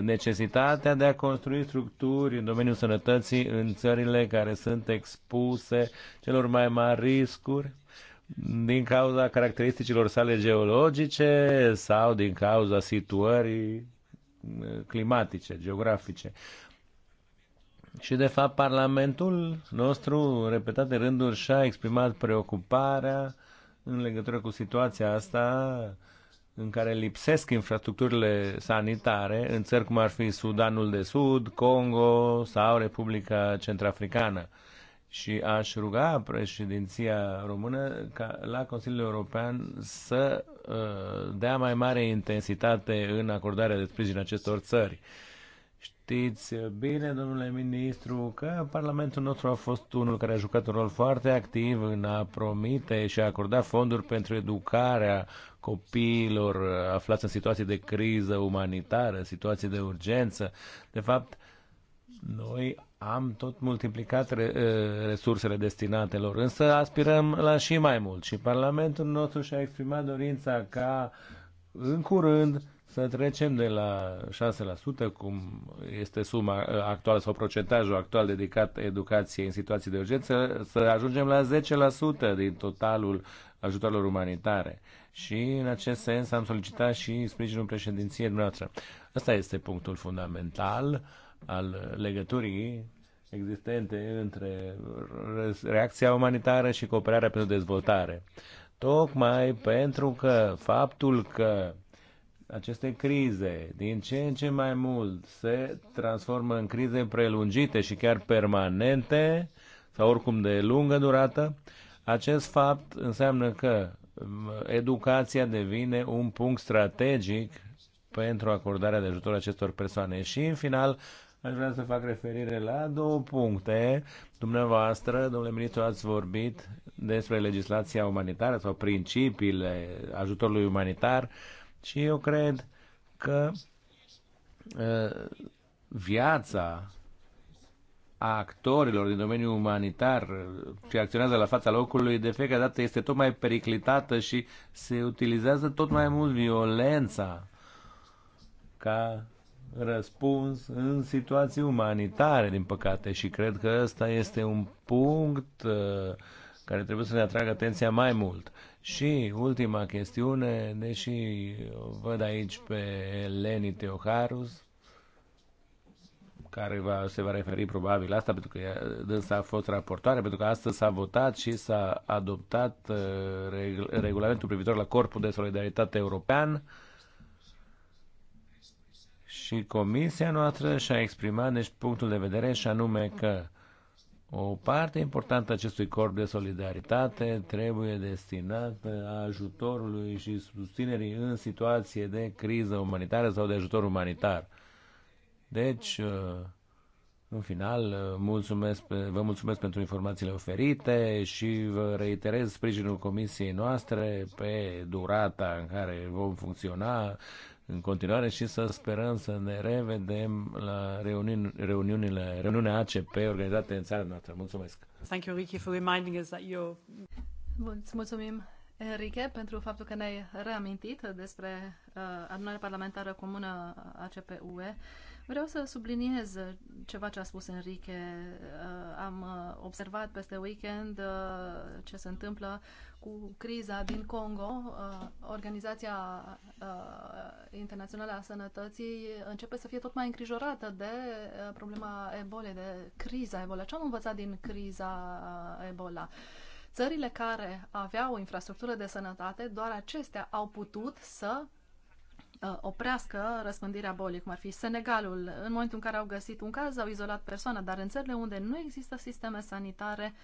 necesitatea de a construi structuri în domeniul sănătății în țările care sunt expuse celor mai mari riscuri din cauza caracteristicilor sale geologice sau din cauza situării climatice, geografice. Și, de fapt, Parlamentul nostru, repetate rânduri, și-a exprimat preocuparea în legătură cu situația asta în care lipsesc infrastructurile sanitare în țări cum ar fi Sudanul de Sud, Congo sau Republica Centrafricană. Și aș ruga președinția română ca la Consiliul European să uh, dea mai mare intensitate în acordarea de sprijin acestor țări. Uh, Știți bine, domnule ministru, că Parlamentul nostru a fost unul care a jucat un rol foarte activ în a promite și a acorda fonduri pentru educarea copiilor aflați în situații de criză umanitară, situații de urgență. De fapt, noi am tot multiplicat re, uh, resursele destinate lor, însă aspirăm la și mai mult și Parlamentul nostru și-a exprimat dorința ca în curând să trecem de la 6%, cum este suma actuală sau procentajul actual dedicat educației în situații de urgență, să ajungem la 10% din totalul ajutorilor umanitare. Și în acest sens am solicitat și sprijinul președinției noastre. Asta este punctul fundamental al legăturii existente între reacția umanitară și cooperarea pentru dezvoltare. Tocmai pentru că faptul că aceste crize din ce în ce mai mult se transformă în crize prelungite și chiar permanente sau oricum de lungă durată, acest fapt înseamnă că educația devine un punct strategic pentru acordarea de ajutor acestor persoane. Și, în final, aș vrea să fac referire la două puncte. Dumneavoastră, domnule ministru, ați vorbit despre legislația umanitară sau principiile ajutorului umanitar. Uh, și eu cred că ă, viața a actorilor din domeniul umanitar ce acționează la fața locului de fiecare dată este tot mai periclitată și se utilizează tot mai mult violența ca răspuns în situații umanitare, din păcate, și cred că ăsta este un punct ă, care trebuie să ne atragă atenția mai mult. Și ultima chestiune, deși văd aici pe Eleni Teoharus, care va, se va referi probabil la asta, pentru că dânsa a fost raportoare, pentru că astăzi s-a votat și s-a adoptat uh, reg regulamentul privitor la Corpul de Solidaritate European și Comisia noastră și-a exprimat deci punctul de vedere și anume că o parte importantă a acestui corp de solidaritate trebuie destinată ajutorului și susținerii în situație de criză umanitară sau de ajutor umanitar. Deci, uh, în final, uh, mulțumesc, vă mulțumesc pentru informațiile oferite și vă reiterez sprijinul comisiei noastre pe durata în care vom funcționa în continuare și să sperăm să ne revedem la reuniunile, reuniunile, reuniunea ACP organizate în țara noastră. Mulțumesc!
Thank you, Ricky, for reminding us that you're...
mulțumim, Enrique, pentru faptul că ne-ai reamintit despre uh, adunarea parlamentară comună ACP-UE. Vreau să subliniez ceva ce a spus Enrique. Uh, am uh, observat peste weekend uh, ce se întâmplă cu criza din Congo, uh, Organizația uh, Internațională a Sănătății începe să fie tot mai îngrijorată de uh, problema Ebola, de criza Ebola. Ce am învățat din criza Ebola? Țările care aveau o infrastructură de sănătate, doar acestea au putut să oprească răspândirea bolii, cum ar fi Senegalul. În momentul în care au găsit un caz, au izolat persoana, dar în țările unde nu există sisteme sanitare, uh,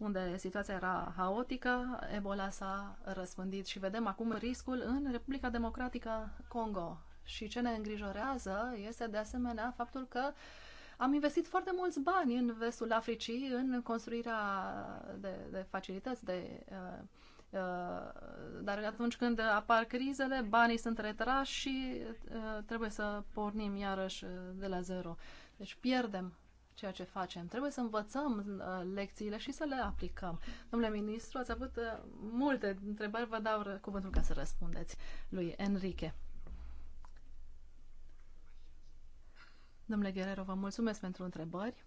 unde situația era haotică, Ebola s-a răspândit și vedem acum riscul în Republica Democratică Congo. Și ce ne îngrijorează este de asemenea faptul că am investit foarte mulți bani în vestul Africii în construirea de, de facilități, de uh, uh dar atunci când apar crizele, banii sunt retrași și uh, trebuie să pornim iarăși uh, de la zero. Deci pierdem ceea ce facem. Trebuie să învățăm uh, lecțiile și să le aplicăm. Domnule ministru, ați avut uh, multe întrebări, vă dau cuvântul ca să răspundeți lui Enrique. Domnule Guerrero, vă mulțumesc pentru întrebări.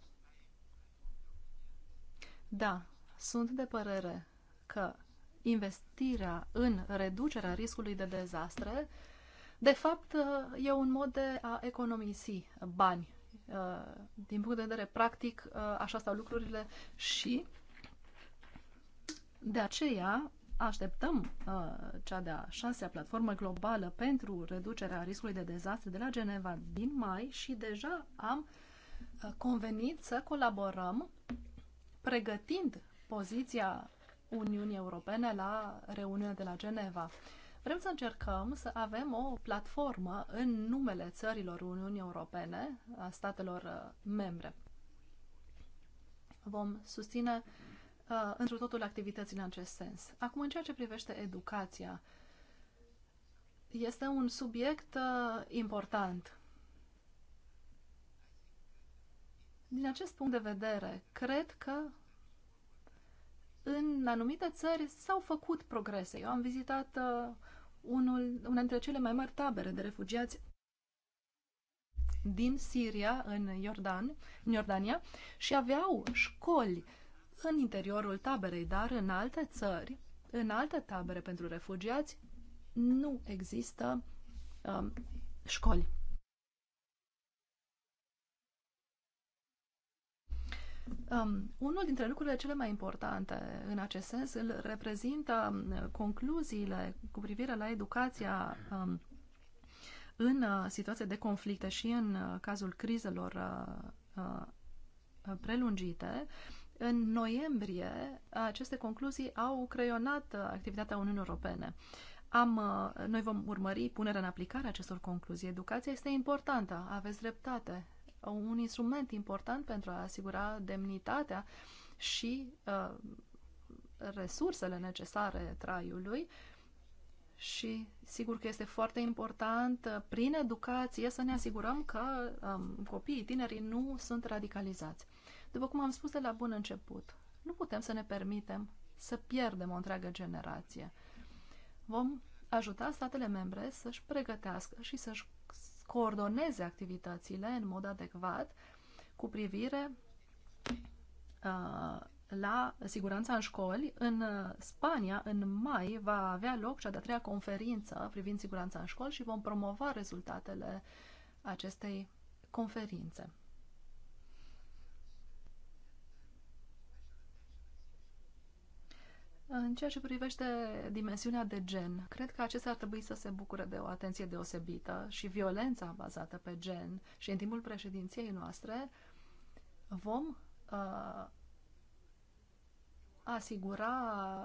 Da, sunt de părere că investirea în reducerea riscului de dezastre, de fapt, uh, e un mod de a economisi bani Uh, din punct de vedere practic, uh, așa stau lucrurile și de aceea așteptăm uh, cea de-a șasea platformă globală pentru reducerea riscului de dezastre de la Geneva din mai și deja am convenit să colaborăm pregătind poziția Uniunii Europene la reuniunea de la Geneva. Vrem să încercăm să avem o platformă în numele țărilor Uniunii Europene, a statelor uh, membre. Vom susține uh, într totul activități în acest sens. Acum, în ceea ce privește educația, este un subiect uh, important. Din acest punct de vedere, cred că în anumite țări s-au făcut progrese. Eu am vizitat uh, unul, una dintre cele mai mari tabere de refugiați din Siria, în Iordan, în Iordania, și aveau școli în interiorul taberei, dar în alte țări, în alte tabere pentru refugiați, nu există um, școli. Um, unul dintre lucrurile cele mai importante în acest sens îl reprezintă um, concluziile cu privire la educația um, în uh, situații de conflicte și în uh, cazul crizelor uh, uh, uh prelungite. În noiembrie, aceste concluzii au creionat uh, activitatea Uniunii Europene. Am, noi vom urmări punerea în aplicare acestor concluzii. Educația este importantă, aveți dreptate un instrument important pentru a asigura demnitatea și uh, resursele necesare traiului și sigur că este foarte important uh, prin educație să ne asigurăm că um, copiii tinerii nu sunt radicalizați. După cum am spus de la bun început, nu putem să ne permitem să pierdem o întreagă generație. Vom ajuta statele membre să-și pregătească și să-și coordoneze activitățile în mod adecvat cu privire uh, la siguranța în școli. În uh, Spania, în mai, va avea loc cea de-a treia conferință privind siguranța în școli și vom promova rezultatele acestei conferințe. În ceea ce privește dimensiunea de gen, cred că acestea ar trebui să se bucure de o atenție deosebită și violența bazată pe gen. Și în timpul președinției noastre vom uh, asigura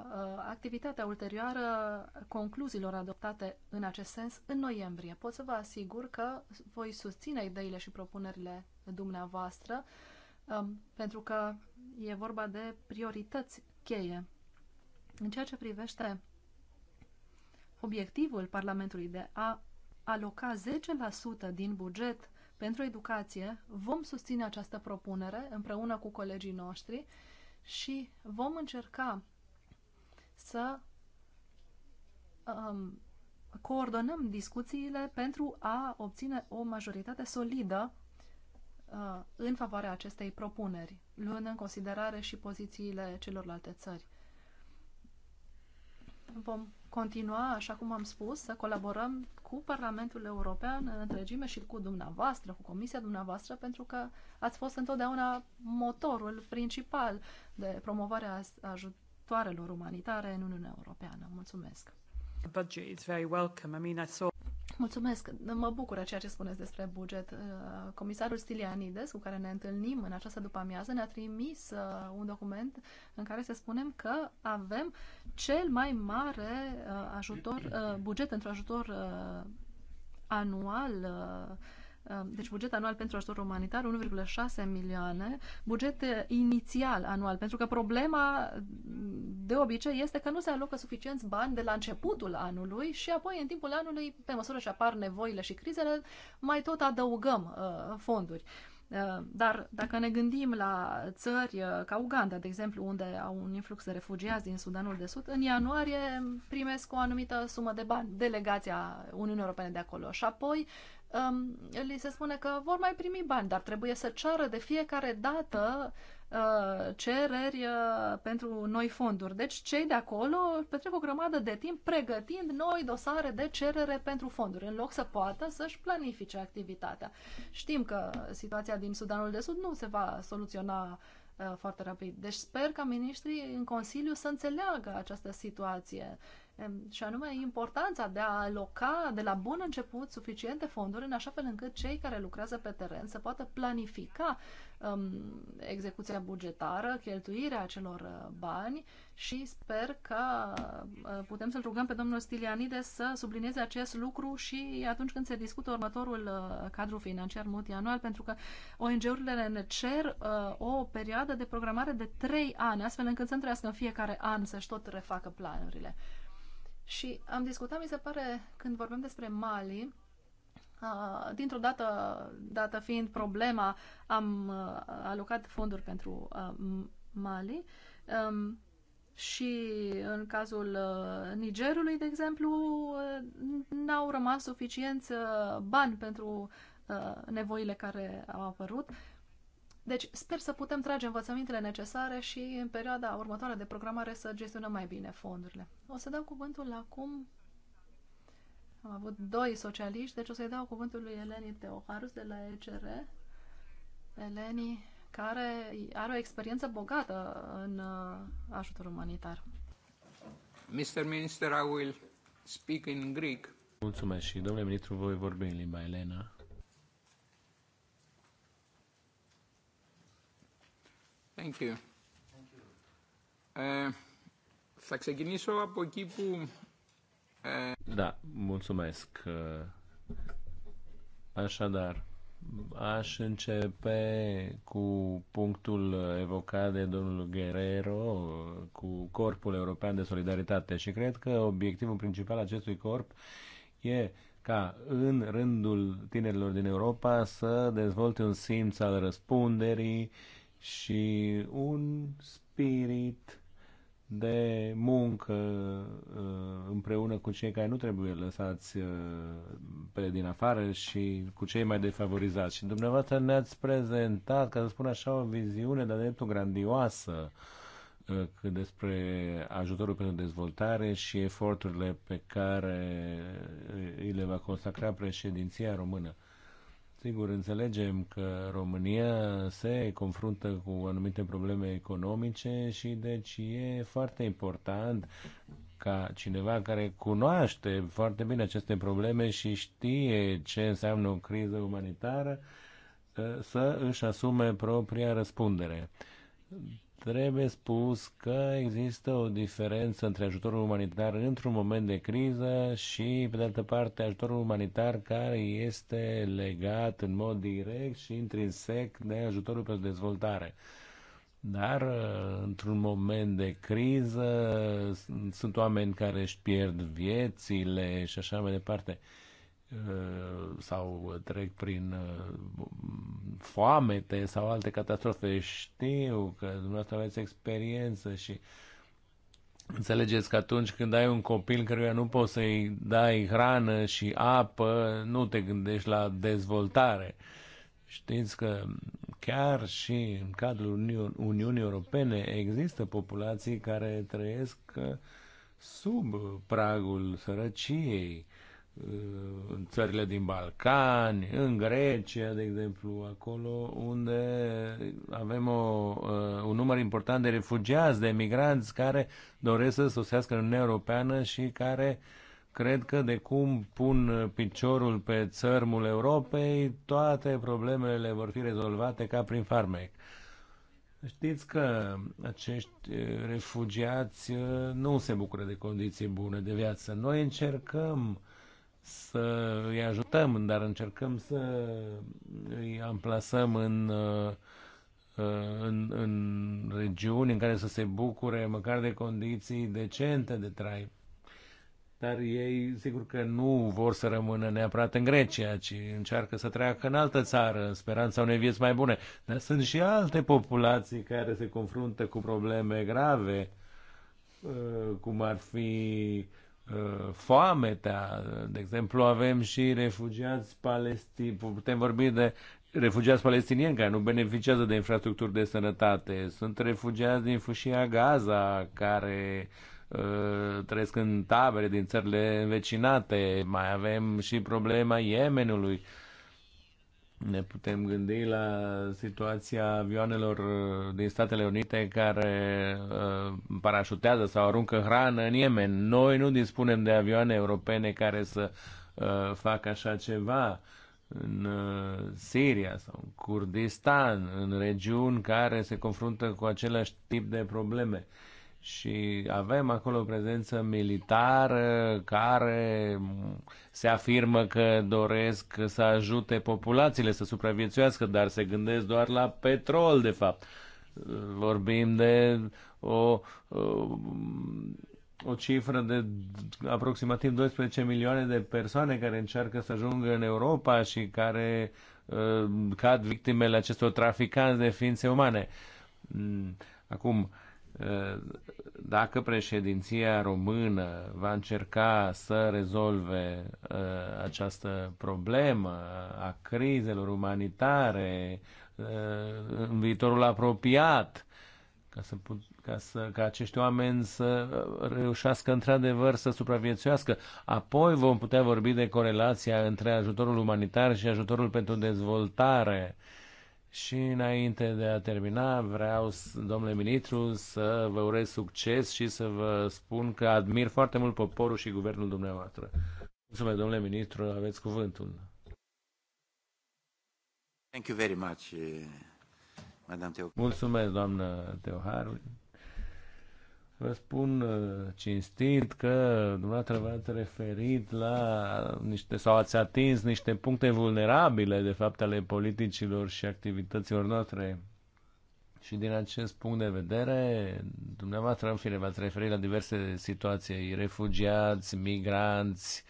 uh, activitatea ulterioară concluziilor adoptate în acest sens în noiembrie. Pot să vă asigur că voi susține ideile și propunerile dumneavoastră, um, pentru că e vorba de priorități cheie în ceea ce privește obiectivul Parlamentului de a aloca 10% din buget pentru educație, vom susține această propunere împreună cu colegii noștri și vom încerca să um, coordonăm discuțiile pentru a obține o majoritate solidă uh, în favoarea acestei propuneri, luând în considerare și pozițiile celorlalte țări. Vom continua, așa cum am spus, să colaborăm cu Parlamentul European în întregime și cu dumneavoastră, cu Comisia dumneavoastră, pentru că ați fost întotdeauna motorul principal de promovare a ajutoarelor umanitare în Uniunea Europeană. Mulțumesc! Mulțumesc. Mă bucură ceea ce spuneți despre buget. Uh, comisarul Stilianides, cu care ne întâlnim în această după-amiază, ne-a trimis uh, un document în care să spunem că avem cel mai mare uh, ajutor, buget pentru ajutor anual Um, deci buget anual pentru ajutor umanitar 1,6 milioane, buget inițial anual, pentru că problema de obicei este că nu se alocă suficienți bani de la începutul anului și apoi în timpul anului, pe măsură ce apar nevoile și crizele, mai tot adăugăm uh, fonduri. Uh, dar dacă ne gândim la țări uh, ca Uganda, de exemplu, unde au un influx de refugiați din Sudanul de Sud, în ianuarie primesc o anumită sumă de bani, delegația Uniunii Europene de acolo. Și apoi um, li se spune că vor mai primi bani, dar trebuie să ceară de fiecare dată uh, cereri uh, pentru noi fonduri. Deci cei de acolo petrec o grămadă de timp pregătind noi dosare de cerere pentru fonduri, în loc să poată să-și planifice activitatea. Știm că situația din Sudanul de Sud nu se va soluționa uh, foarte rapid. Deci sper ca ministrii în Consiliu să înțeleagă această situație și anume importanța de a aloca de la bun început suficiente fonduri în așa fel încât cei care lucrează pe teren să poată planifica um, execuția bugetară, cheltuirea acelor eh, bani și sper că eh, putem să-l rugăm pe domnul Stilianides să sublinieze acest lucru și atunci când se discută următorul eh, cadru financiar multianual, pentru că ONG-urile ne cer uh, o perioadă de programare de 3 ani, astfel încât să întrească în fiecare an să-și tot refacă planurile. Și am discutat, mi se pare, când vorbim despre Mali, dintr-o dată, dată fiind problema, am alocat fonduri pentru Mali și în cazul Nigerului, de exemplu, n-au rămas suficienți bani pentru nevoile care au apărut deci sper să putem trage învățămintele necesare și în perioada următoare de programare să gestionăm mai bine fondurile. O să dau cuvântul acum. Am avut doi socialiști, deci o să-i dau cuvântul lui Eleni Teoharus de la ECR. Eleni, care are o experiență bogată în uh, ajutor umanitar.
Mr. Minister, I will speak in Greek. Mulțumesc și, domnule ministru, voi vorbi în limba elena.
Thank you. Uh, θα ξεκινήσω από εκεί που...
Uh... Da, mulțumesc. Așadar, aș începe cu punctul evocat de domnul Guerrero cu Corpul European de Solidaritate și cred că obiectivul principal acestui corp e ca în rândul tinerilor din Europa să dezvolte un simț al răspunderii uh, și un spirit de muncă uh, împreună cu cei care nu trebuie lăsați uh, pe din afară și cu cei mai defavorizați. Și dumneavoastră ne-ați prezentat, ca să spun așa, o viziune de dreptul grandioasă uh, despre ajutorul pentru dezvoltare și eforturile pe care îi le va consacra președinția română. Sigur, înțelegem că România se confruntă cu anumite probleme economice și deci e foarte important ca cineva care cunoaște foarte bine aceste probleme și știe ce înseamnă o criză umanitară să își asume propria răspundere. Trebuie spus că există o diferență între ajutorul umanitar într-un moment de criză și, pe de altă parte, ajutorul umanitar care este legat în mod direct și intrinsec de ajutorul pentru dezvoltare. Dar, uh, într-un moment de criză, sunt oameni care își pierd viețile și așa mai departe. Uh, sau trec prin uh, foamete sau alte catastrofe. Știu că dumneavoastră aveți experiență și înțelegeți că atunci când ai un copil căruia nu poți să-i dai hrană și apă, nu te gândești la dezvoltare. Știți că chiar și în cadrul Uniunii Europene există populații care trăiesc uh, sub pragul sărăciei Uh, în țările din Balcani, în Grecia, de exemplu, acolo unde avem o, uh, un număr important de refugiați, de emigranți care doresc să sosească în Uniunea Europeană și care cred că de cum pun piciorul pe țărmul Europei, toate problemele vor fi rezolvate ca prin farmec. Știți că acești uh, refugiați nu se bucură de condiții bune de viață. Noi încercăm să îi ajutăm, dar încercăm să îi amplasăm în, uh, în, în regiuni în care să se bucure măcar de condiții decente de trai. Dar ei, sigur că nu vor să rămână neapărat în Grecia, ci încearcă să treacă în altă țară, în speranța unei vieți mai bune. Dar sunt și alte populații care se confruntă cu probleme grave, uh, cum ar fi Uh, foametea, de exemplu, avem și refugiați palestini, putem vorbi de refugiați palestinieni care nu beneficiază de infrastructuri de sănătate, sunt refugiați din fâșia Gaza care uh, trăiesc în tabere din țările învecinate, mai avem și problema Yemenului. Uh, ne putem gândi la situația avioanelor uh, din Statele Unite care uh, parașutează sau aruncă hrană în Yemen. Noi nu dispunem de avioane europene care să uh, facă așa ceva în Siria sau în Kurdistan, în regiuni care se confruntă cu același tip de probleme și avem acolo o prezență militară care se afirmă că doresc să ajute populațiile să supraviețuiască, dar se gândesc doar la petrol, de fapt. Vorbim de o, o, o cifră de aproximativ 12 milioane de persoane care încearcă să ajungă în Europa și care uh, cad victimele acestor traficanți de ființe umane. Acum, uh, Eh, dacă președinția română va încerca să rezolve eh, această problemă a crizelor umanitare eh, în viitorul apropiat, ca, să put, ca, să, ca acești oameni să reușească într-adevăr să supraviețuiască. Apoi vom putea vorbi de corelația între ajutorul umanitar și ajutorul pentru dezvoltare. Uh, și înainte de a termina, vreau, domnule ministru, să vă urez succes și să vă spun că admir foarte mult poporul și guvernul dumneavoastră. Mulțumesc, domnule ministru, aveți cuvântul.
Thank you very much, eh,
Madame Mulțumesc, doamnă Teoharu. Vă spun uh, cinstit că dumneavoastră v-ați referit la niște, sau ați atins niște puncte vulnerabile, de fapt, ale politicilor și activităților noastre. Și din acest punct de vedere, dumneavoastră, în fine, v-ați referit la diverse situații, refugiați, migranți,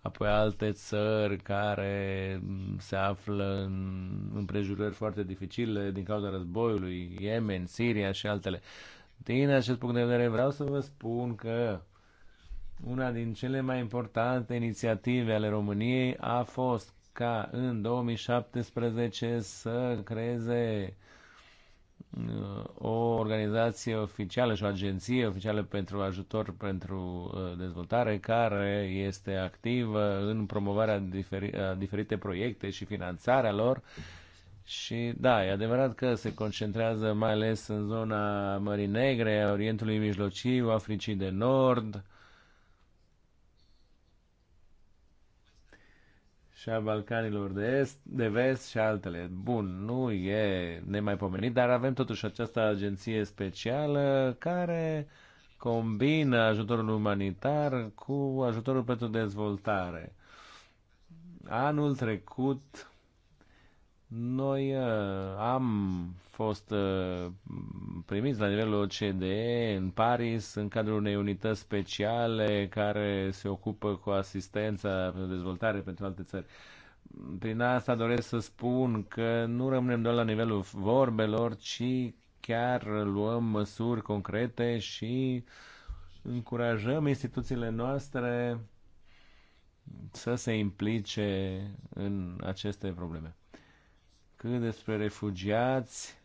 apoi alte țări care mm, se află în împrejurări foarte dificile din cauza războiului, Yemen, Siria și altele. Uh, din acest punct de vedere vreau să vă spun că una din cele mai importante inițiative ale României a fost ca în 2017 să creeze uh, o organizație oficială și o agenție oficială pentru ajutor pentru uh, dezvoltare care este activă în promovarea diferi, diferite proiecte și finanțarea lor și da, e adevărat că se concentrează mai ales în zona Mării Negre, a Orientului Mijlociu, Africii de Nord și a Balcanilor de Est, de Vest și altele. Bun, nu e nemaipomenit, dar avem totuși această agenție specială care combină ajutorul umanitar cu ajutorul pentru dezvoltare. Anul trecut, noi uh, am fost uh, primiți la nivelul OCDE în Paris în cadrul unei unități speciale care se ocupă cu asistența pentru dezvoltare pentru alte țări. Prin asta doresc să spun că nu rămânem doar la nivelul vorbelor, ci chiar luăm măsuri concrete și încurajăm instituțiile noastre să se implice în aceste probleme. Cât despre refugiați,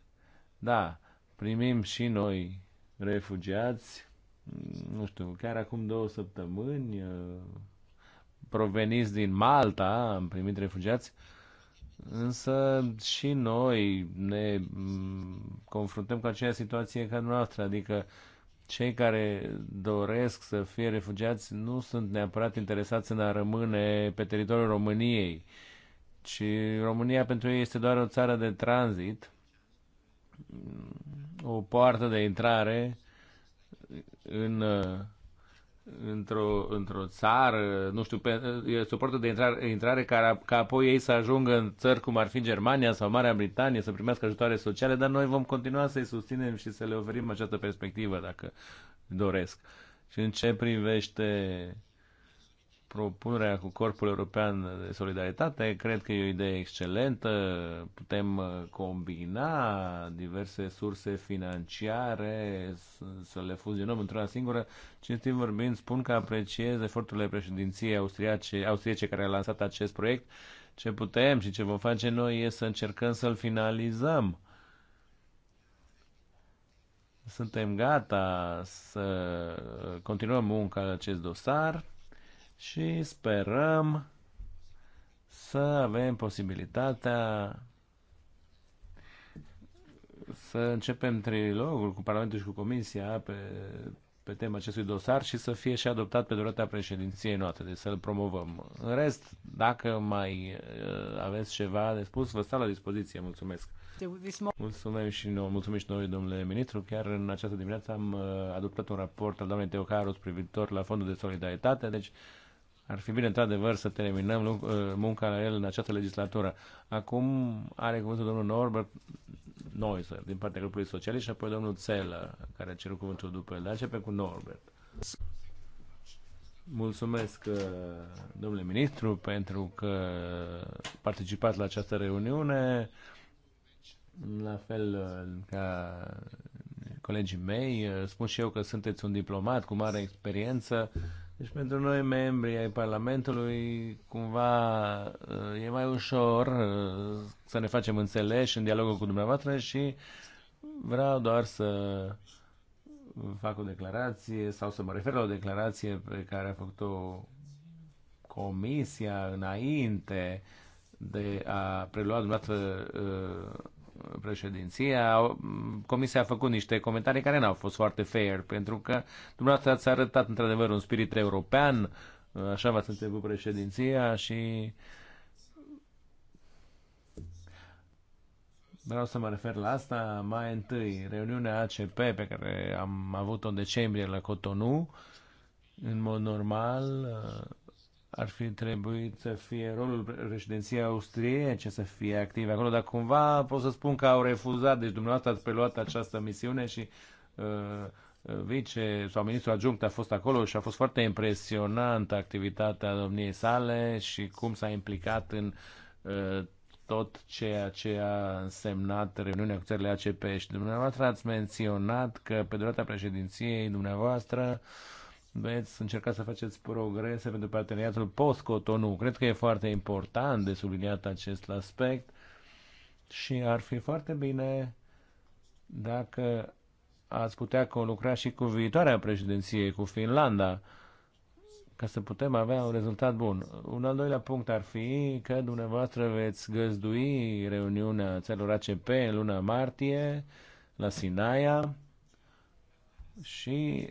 da, primim și noi refugiați, nu știu, chiar acum două săptămâni, uh, proveniți din Malta, am primit refugiați, însă și noi ne mm, confruntăm cu aceeași situație ca noastră, adică cei care doresc să fie refugiați nu sunt neapărat interesați în a rămâne pe teritoriul României. Uh, și România pentru ei este doar o țară de tranzit, o poartă de intrare în, într-o, într-o țară, nu știu, este o poartă de intrare, intrare ca, ca apoi ei să ajungă în țări cum ar fi Germania sau Marea Britanie, să primească ajutoare sociale, dar noi vom continua să-i susținem și să le oferim această perspectivă dacă doresc. Și în ce privește propunerea cu Corpul European de Solidaritate, cred că e o idee excelentă. Putem uh, combina diverse surse financiare, să le fuzionăm într-una singură. Cinstit vorbind, spun că apreciez eforturile președinției austriace, austriece care a lansat acest proiect. Ce putem și ce vom face noi e să încercăm să-l finalizăm suntem gata să continuăm munca acest dosar și sperăm să avem posibilitatea să începem trilogul cu Parlamentul și cu Comisia pe, pe tema acestui dosar și să fie și adoptat pe durata președinției noastre, deci să-l promovăm. În rest, dacă mai uh, aveți ceva de spus, vă stau la dispoziție. Mulțumesc! Mulțumim și noi, mulțumim și noi, domnule ministru. Chiar în această dimineață am uh, adoptat un raport al doamnei Teocarus privitor la Fondul de Solidaritate, deci ar fi bine, într-adevăr, să terminăm uh, munca la el în această legislatură. Acum are cuvântul domnul Norbert Noiser, din partea grupului socialist, și apoi domnul Țelă, care a cerut cuvântul după el. Dar începe cu Norbert. Mulțumesc, uh, domnule ministru, pentru că participați la această reuniune. La fel uh, ca colegii mei, spun și eu că sunteți un diplomat cu mare experiență deci pentru noi, membrii ai Parlamentului, cumva uh, e mai ușor uh, să ne facem înțeleși în dialogul cu dumneavoastră și vreau doar să fac o declarație sau să mă refer la o declarație pe care a făcut-o comisia înainte de a prelua dumneavoastră uh, președinția, Comisia a făcut niște comentarii care n-au fost foarte fair, pentru că dumneavoastră ați arătat într-adevăr un spirit european, așa v-ați întrebat președinția și Vreau să mă refer la asta mai întâi. Reuniunea ACP pe care am avut-o în decembrie la Cotonou, în mod normal, ar fi trebuit să fie rolul reședinției austriece să fie activ acolo, dar cumva pot să spun că au refuzat, deci dumneavoastră ați preluat această misiune și uh, uh, vice sau ministrul adjunct a fost acolo și a fost foarte impresionantă activitatea domniei sale și cum s-a implicat în uh, tot ceea ce a însemnat reuniunea cu țările ACP și dumneavoastră ați menționat că pe durata președinției dumneavoastră uh, veți încerca să faceți progrese pentru parteneriatul post-Cotonou. Cred că e foarte important de subliniat acest aspect și ar fi foarte bine dacă ați putea conlucra și cu viitoarea președinție, cu Finlanda, ca să putem avea un rezultat bun. Un al doilea punct ar fi că dumneavoastră veți găzdui reuniunea țelor ACP în luna martie la Sinaia și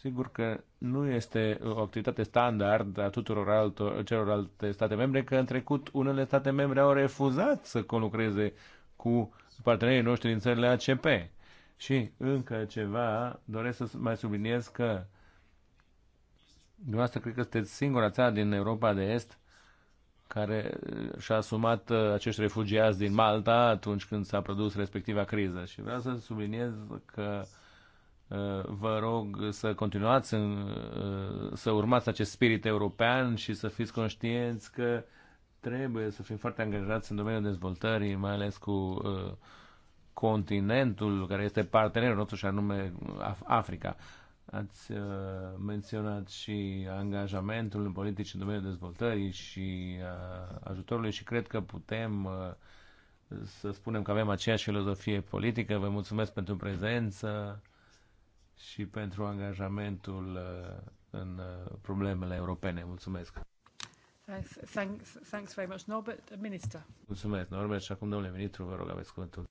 Sigur că nu este o activitate standard a tuturor altor, celorlalte state membre, că în trecut unele state membre au refuzat să conlucreze cu partenerii noștri din țările ACP. Și încă ceva, doresc să mai subliniez că dumneavoastră cred că sunteți singura țară din Europa de Est care și-a asumat uh, acești refugiați din Malta atunci când s-a produs respectiva criză. Și vreau să subliniez că Uh, vă rog să continuați, în, uh, să urmați acest spirit european și să fiți conștienți că trebuie să fim foarte angajați în domeniul dezvoltării, mai ales cu uh, continentul care este partenerul nostru și anume Africa. Ați menționat și angajamentul în politici în domeniul dezvoltării și ajutorului și cred că putem să spunem că avem aceeași filozofie politică. Vă mulțumesc pentru prezență și pentru angajamentul uh, în uh, problemele europene. Mulțumesc!
Thanks, thanks, very much, Norbert. Minister.
Mulțumesc, Norbert. Și acum, domnule ministru, vă rog, aveți cuvântul.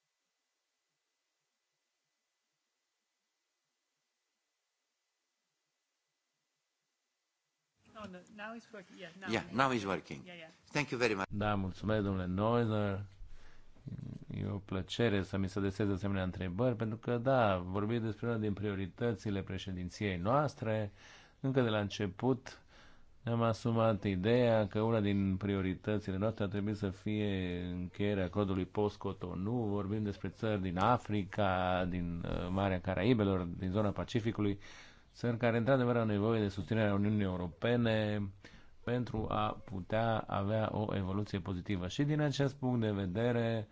Now he's working. Yeah, now, yeah, now working.
Yeah, yeah. Thank you very much. Da, mulțumesc, domnule Neuner. E o plăcere să mi se desez asemenea întrebări, pentru că, da, vorbim despre una din prioritățile președinției noastre. Încă de la început ne-am asumat ideea că una din prioritățile noastre ar trebui să fie încheierea acordului post-Cotonou. Vorbim despre țări din Africa, din uh, Marea Caraibelor, din zona Pacificului, țări care, într-adevăr, au nevoie de susținerea Uniunii Europene, pentru a putea avea o evoluție pozitivă. Și din acest punct de vedere,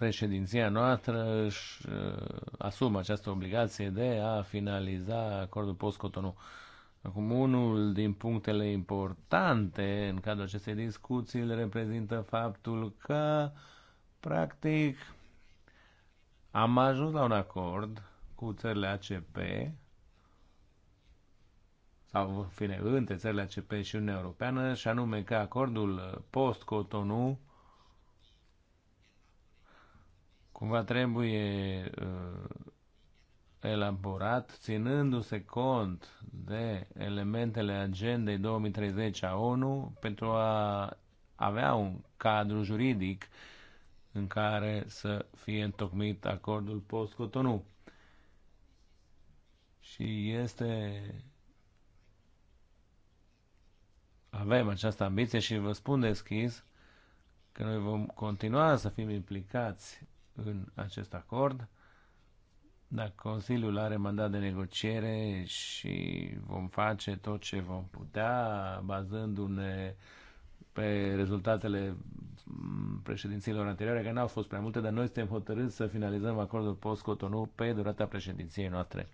președinția noastră își uh, asumă această obligație de a finaliza acordul post-Cotonou. Acum, unul din punctele importante în cadrul acestei discuții îl reprezintă faptul că, practic, am ajuns la un acord cu țările ACP sau, în fine, între țările ACP și Uniunea Europeană, și anume că acordul post-Cotonou cumva trebuie uh, elaborat ținându-se cont de elementele agendei 2030 a ONU pentru a avea un cadru juridic în care să fie întocmit acordul post-Cotonou. Și este avem această ambiție și vă spun deschis că noi vom continua să fim implicați în acest acord. Dacă Consiliul are mandat de negociere și vom face tot ce vom putea, bazându-ne pe rezultatele mm, președinților anterioare, că n-au fost prea multe, dar noi suntem hotărâți să finalizăm acordul post-Cotonou pe durata președinției noastre.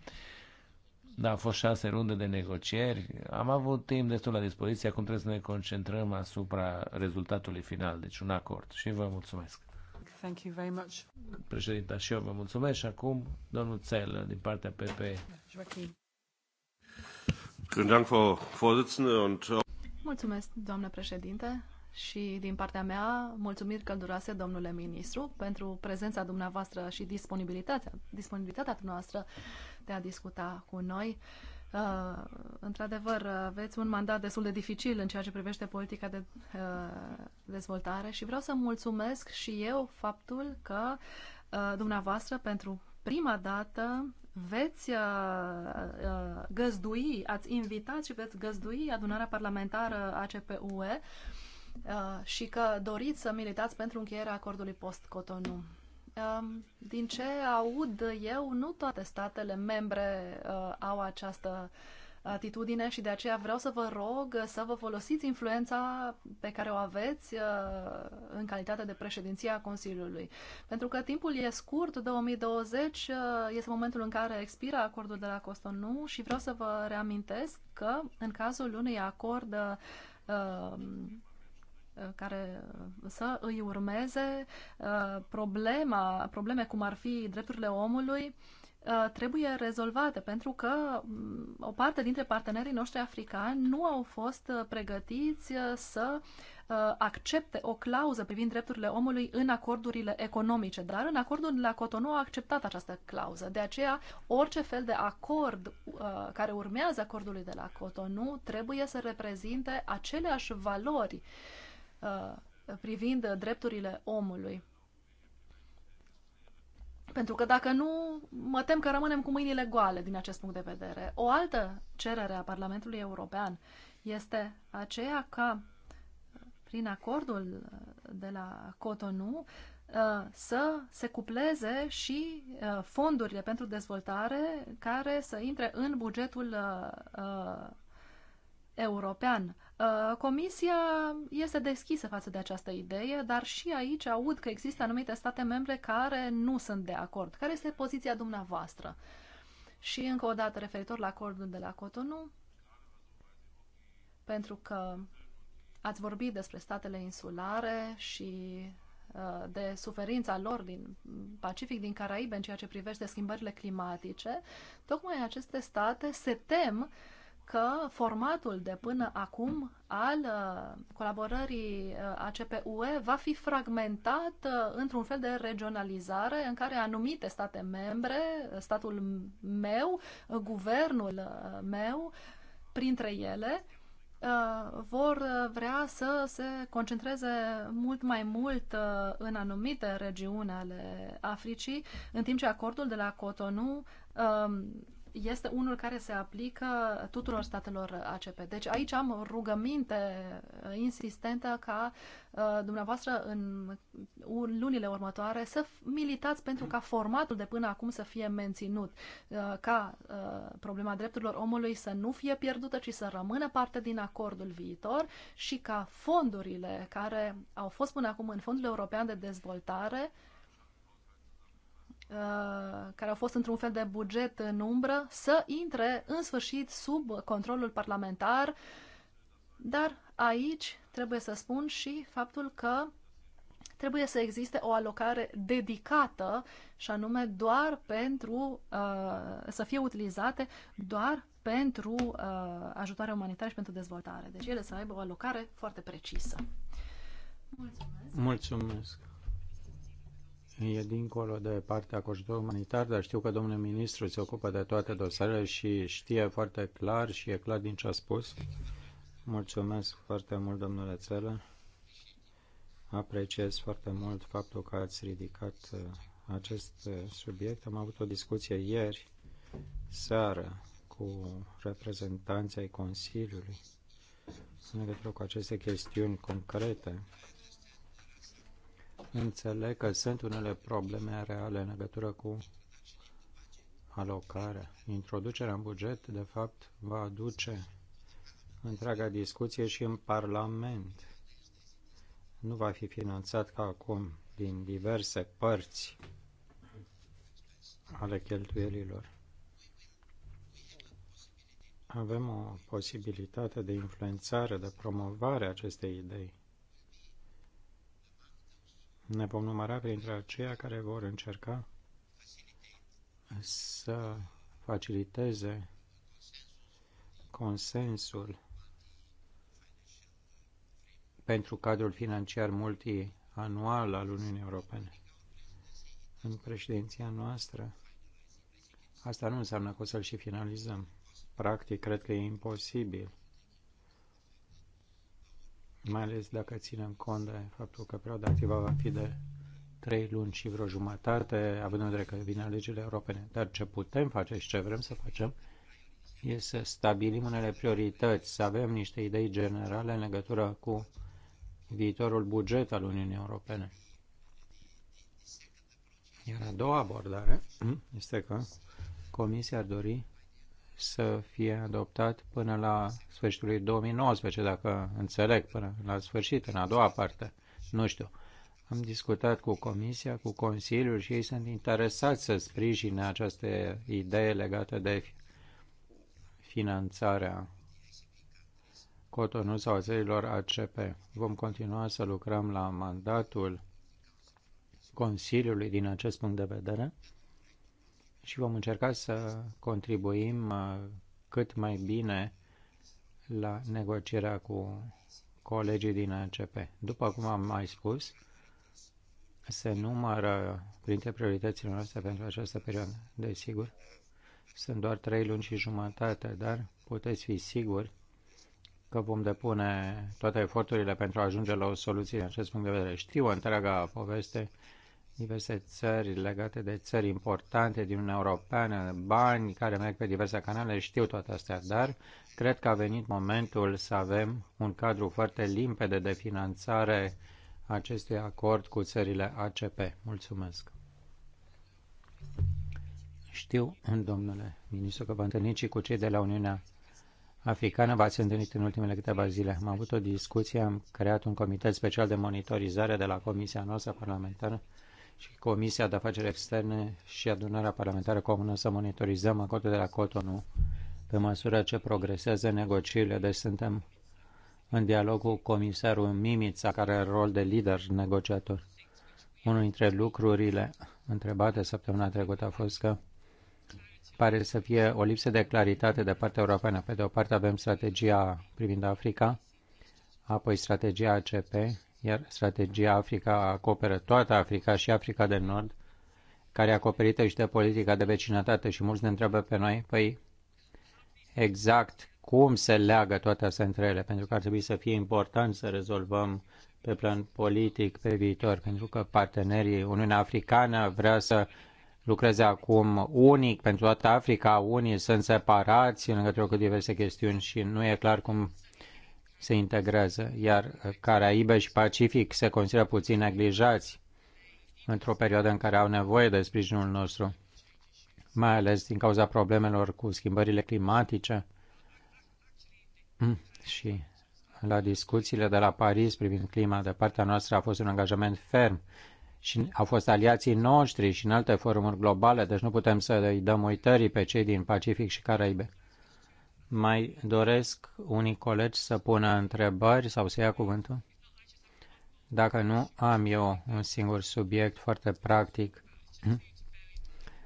Da, au fost șase runde de negocieri, am avut timp destul la dispoziție, acum trebuie să ne concentrăm asupra rezultatului final, deci un acord. Și vă mulțumesc!
Thank you very much.
Președinta, și eu vă mulțumesc și acum domnul Țel din partea PP.
Äh,
mulțumesc, doamnă președinte, și din partea mea, mulțumiri călduroase, domnule ministru, pentru prezența dumneavoastră și disponibilitatea, disponibilitatea dumneavoastră de a discuta cu noi. Uh, Uh, într-adevăr, aveți un mandat destul de dificil în ceea ce privește politica de uh, dezvoltare și vreau să mulțumesc și eu faptul că uh, dumneavoastră pentru prima dată veți uh, uh găzdui, ați invitat și veți găzdui adunarea parlamentară ACPUE uh, și că doriți să militați pentru încheierea acordului post-Cotonou. Din ce aud eu, nu toate statele membre uh, au această atitudine și de aceea vreau să vă rog să vă folosiți influența pe care o aveți uh, în calitate de președinție a Consiliului. Pentru că timpul e scurt, 2020 uh, este momentul în care expiră acordul de la Costonu și vreau să vă reamintesc că în cazul unui acord Uh, care uh, să îi urmeze uh, problema, probleme cum ar fi drepturile omului, trebuie rezolvate, pentru că mm, o parte dintre partenerii noștri africani nu au fost pregătiți să accepte o clauză privind drepturile omului în acordurile economice, dar în acordul de la Cotonou a acceptat această clauză. De aceea, orice fel de acord care urmează acordului de la Cotonou trebuie să reprezinte aceleași valori uh, Uh, privind drepturile omului. Pentru că dacă nu, mă tem că rămânem cu mâinile goale din acest punct de vedere. O altă cerere a Parlamentului European este aceea ca uh, prin acordul uh, de la Cotonou să se cupleze și fondurile pentru dezvoltare care să intre în bugetul european. Uh, comisia este deschisă față de această idee, dar și aici aud că există anumite state membre care nu sunt de acord. Care este poziția dumneavoastră? Și încă o dată referitor la acordul de la Cotonou, pentru că ați vorbit despre statele insulare și uh, de suferința lor din Pacific, din Caraibe, în ceea ce privește schimbările climatice, tocmai aceste state se tem uh, că formatul de până acum al uh, colaborării uh, ACPUE ue va fi fragmentat uh, într-un fel de regionalizare în care anumite state membre, statul meu, guvernul meu, printre ele, vor vrea să se concentreze mult mai mult în anumite regiuni ale Africii, în timp ce acordul de la Cotonou um, este unul care se aplică tuturor statelor ACP. Deci aici am rugăminte uh, insistentă ca uh, dumneavoastră în lunile următoare să militați pentru ca formatul de până acum să fie menținut, uh, ca problema drepturilor omului să nu fie pierdută, ci să rămână parte din acordul viitor și ca fondurile care au fost până acum în Fondul European de Dezvoltare Uh, care au fost într-un fel de buget în umbră, să intre în sfârșit sub controlul parlamentar. Dar aici trebuie să spun și faptul că trebuie să existe o alocare dedicată și anume doar pentru uh, să fie utilizate doar pentru uh, ajutoare umanitară și pentru dezvoltare. Deci ele să aibă o alocare foarte precisă.
Mulțumesc. Mulțumesc e dincolo de partea cu ajutor umanitar, dar știu că domnul ministru se ocupă de toate dosarele și știe foarte clar și e clar din ce a spus. Mulțumesc foarte mult, domnule Țelă. Apreciez foarte mult faptul că ați ridicat uh, acest uh, subiect. Am avut o discuție ieri seară cu reprezentanții ai Consiliului în legătură cu aceste chestiuni concrete Înțeleg că sunt unele probleme reale în legătură cu alocarea. Introducerea în buget, de fapt, va aduce întreaga discuție și în Parlament. Nu va fi finanțat ca acum din diverse părți ale cheltuielilor. Avem o posibilitate de influențare, de promovare a acestei idei ne vom număra printre aceia care vor încerca să faciliteze consensul pentru cadrul financiar multianual al Uniunii Europene. În președinția noastră, asta nu înseamnă că o să-l și finalizăm. Practic, cred că e imposibil mai ales dacă ținem cont de faptul că perioada activă va fi de trei luni și vreo jumătate, având în vedere că vin alegerile europene. Dar ce putem face și ce vrem să facem e să stabilim unele priorități, să avem niște idei generale în legătură cu viitorul buget al Uniunii Europene. Iar a doua abordare <clears throat> este că Comisia ar dori să fie adoptat până la sfârșitul lui 2019, dacă înțeleg, până la sfârșit, în a doua parte. Nu știu. Am discutat cu Comisia, cu Consiliul și ei sunt interesați să sprijine această idee legată de finanțarea Cotonou sau țărilor ACP. Vom continua să lucrăm la mandatul Consiliului din acest punct de vedere și vom încerca să contribuim uh, cât mai bine la negocierea cu colegii din ANCP. După cum am mai spus, se numără printre prioritățile noastre pentru această perioadă. Desigur, sunt doar trei luni și jumătate, dar puteți fi siguri că vom depune toate eforturile pentru a ajunge la o soluție în acest punct de vedere. Știu întreaga poveste diverse țări legate de țări importante din Uniunea Europeană, bani care merg pe diverse canale, știu toate astea, dar cred că a venit momentul să avem un cadru foarte limpede de finanțare acestui acord cu țările ACP. Mulțumesc! Știu, domnule ministru, că vă întâlniți și cu cei de la Uniunea africană v-ați întâlnit în ultimele câteva zile. Am avut o discuție, am creat un comitet special de monitorizare de la Comisia noastră parlamentară și Comisia de Afaceri Externe și adunarea parlamentară comună să monitorizăm acordul de la Cotonou pe măsură ce progresează negocierile. Deci suntem în dialog cu comisarul Mimița, care are rol de lider negociator. Unul dintre lucrurile întrebate săptămâna trecută a fost că pare să fie o lipsă de claritate de partea europeană. Pe de o parte avem strategia privind Africa, apoi strategia ACP iar strategia Africa acoperă toată Africa și Africa de Nord, care e acoperită și de politica de vecinătate și mulți ne întreabă pe noi, păi exact cum se leagă toate astea între ele, pentru că ar trebui să fie important să rezolvăm pe plan politic pe viitor, pentru că partenerii Uniunea Africană vrea să lucreze acum unic pentru toată Africa, unii sunt separați în legătură cu diverse chestiuni și nu e clar cum se integrează, iar Caraibe și Pacific se consideră puțin neglijați într-o perioadă în care au nevoie de sprijinul nostru, mai ales din cauza problemelor cu schimbările climatice mm, și la discuțiile de la Paris privind clima de partea noastră a fost un angajament ferm și au fost aliații noștri și în alte forumuri globale, deci nu putem să îi dăm uitării pe cei din Pacific și Caraibe. Mai doresc unii colegi să pună întrebări sau să ia cuvântul? Dacă nu, am eu un singur subiect foarte practic, <clears throat>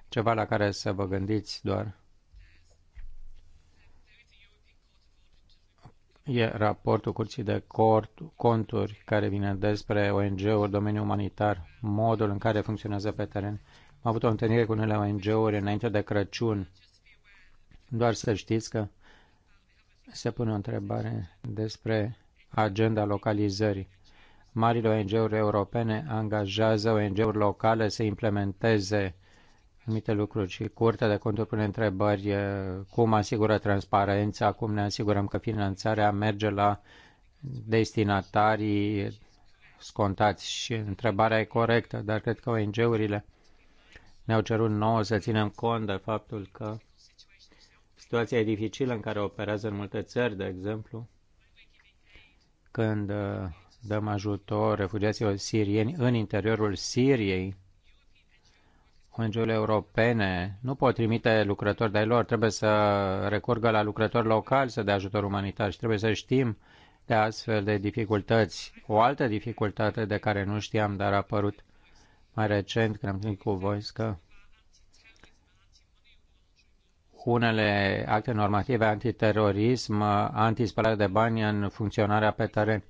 ceva la care să vă gândiți doar. E raportul Curții de Conturi care vine despre ONG-uri, domeniul umanitar, modul în care funcționează pe teren. Am avut o întâlnire cu unele ONG-uri înainte de Crăciun. Doar să știți că se pune o întrebare despre agenda localizării. Marile ONG-uri europene angajează ONG-uri locale să implementeze anumite lucruri și Curtea de Conturi pune întrebări cum asigură transparența, cum ne asigurăm că finanțarea merge la destinatarii scontați și întrebarea e corectă, dar cred că ONG-urile ne-au cerut nouă să ținem cont de faptul că Situația e dificilă în care operează în multe țări, de exemplu, când uh, dăm ajutor refugiaților sirieni în interiorul Siriei, ONG-urile europene nu pot trimite lucrători de-ai lor, trebuie să recurgă la lucrători locali să dea ajutor umanitar și trebuie să știm de astfel de dificultăți. O altă dificultate de care nu știam, dar a apărut mai recent, când am venit cu că unele acte normative antiterorism, antispălare de bani în funcționarea pe teren,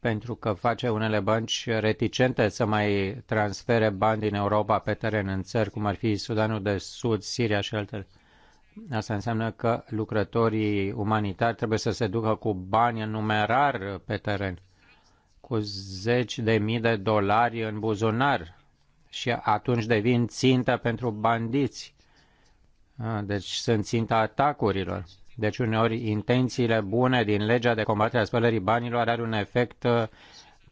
pentru că face unele bănci reticente să mai transfere bani din Europa pe teren în țări, cum ar fi Sudanul de Sud, Siria și altele. Asta înseamnă că lucrătorii umanitari trebuie să se ducă cu bani în numerar pe teren, cu zeci de mii de dolari în buzunar și atunci devin țintă pentru bandiți deci sunt ținta atacurilor. Deci uneori intențiile bune din legea de combatere a spălării banilor are un efect uh,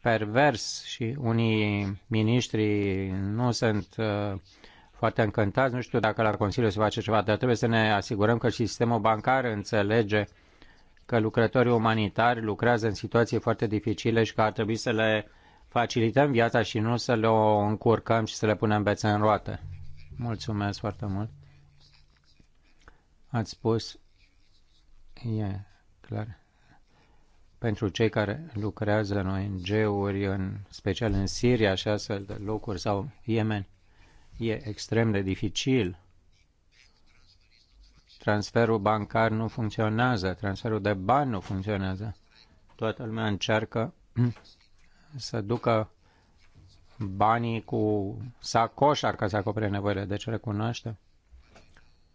pervers și unii miniștri nu sunt uh, foarte încântați. Nu știu dacă la Consiliu se face ceva, dar trebuie să ne asigurăm că sistemul bancar înțelege că lucrătorii umanitari lucrează în situații foarte dificile și că ar trebui să le facilităm viața și nu să le o încurcăm și să le punem bețe în roate. Mulțumesc foarte mult. Ați spus, e clar, pentru cei care lucrează în ONG-uri, în special în Siria și astfel de locuri sau Yemen, e extrem de dificil. Transferul bancar nu funcționează, transferul de bani nu funcționează. Toată lumea încearcă <clears throat> să ducă banii cu sacoșar ca să acopere nevoile. Deci recunoaște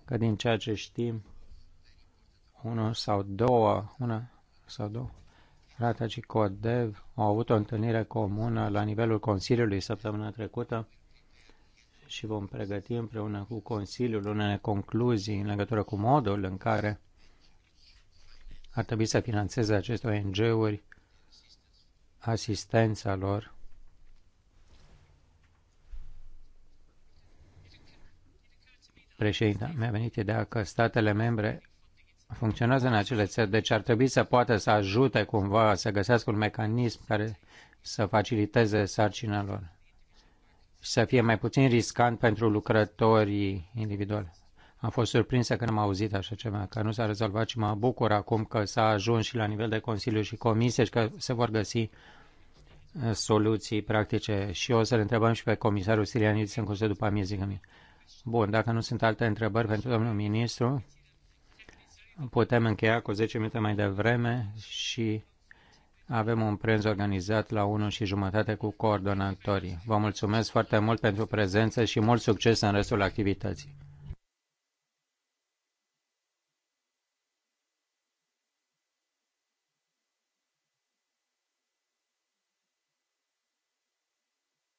că din ceea ce știm, unul sau două, una sau două, Rata și Codev au avut o întâlnire comună la nivelul Consiliului săptămâna trecută și vom pregăti împreună cu Consiliul unele concluzii în legătură cu modul în care ar trebui să financeze aceste ONG-uri asistența lor Președinte, mi-a venit ideea că statele membre funcționează în acele țări, deci ar trebui să poată să ajute cumva să găsească un mecanism care să faciliteze sarcina lor și să fie mai puțin riscant pentru lucrătorii individuali. Am fost surprinsă că n-am auzit așa ceva, că nu s-a rezolvat și mă bucur acum că s-a ajuns și la nivel de Consiliu și Comisie și că se vor găsi uh, soluții practice. Și o să-l întrebăm și pe comisarul Sirianidis în curs după amiezii mie. Bun, dacă nu sunt alte întrebări pentru domnul ministru, putem încheia cu 10 minute mai devreme și avem un prânz organizat la 1 și jumătate cu coordonatorii. Vă mulțumesc foarte mult pentru prezență și mult succes în restul activității.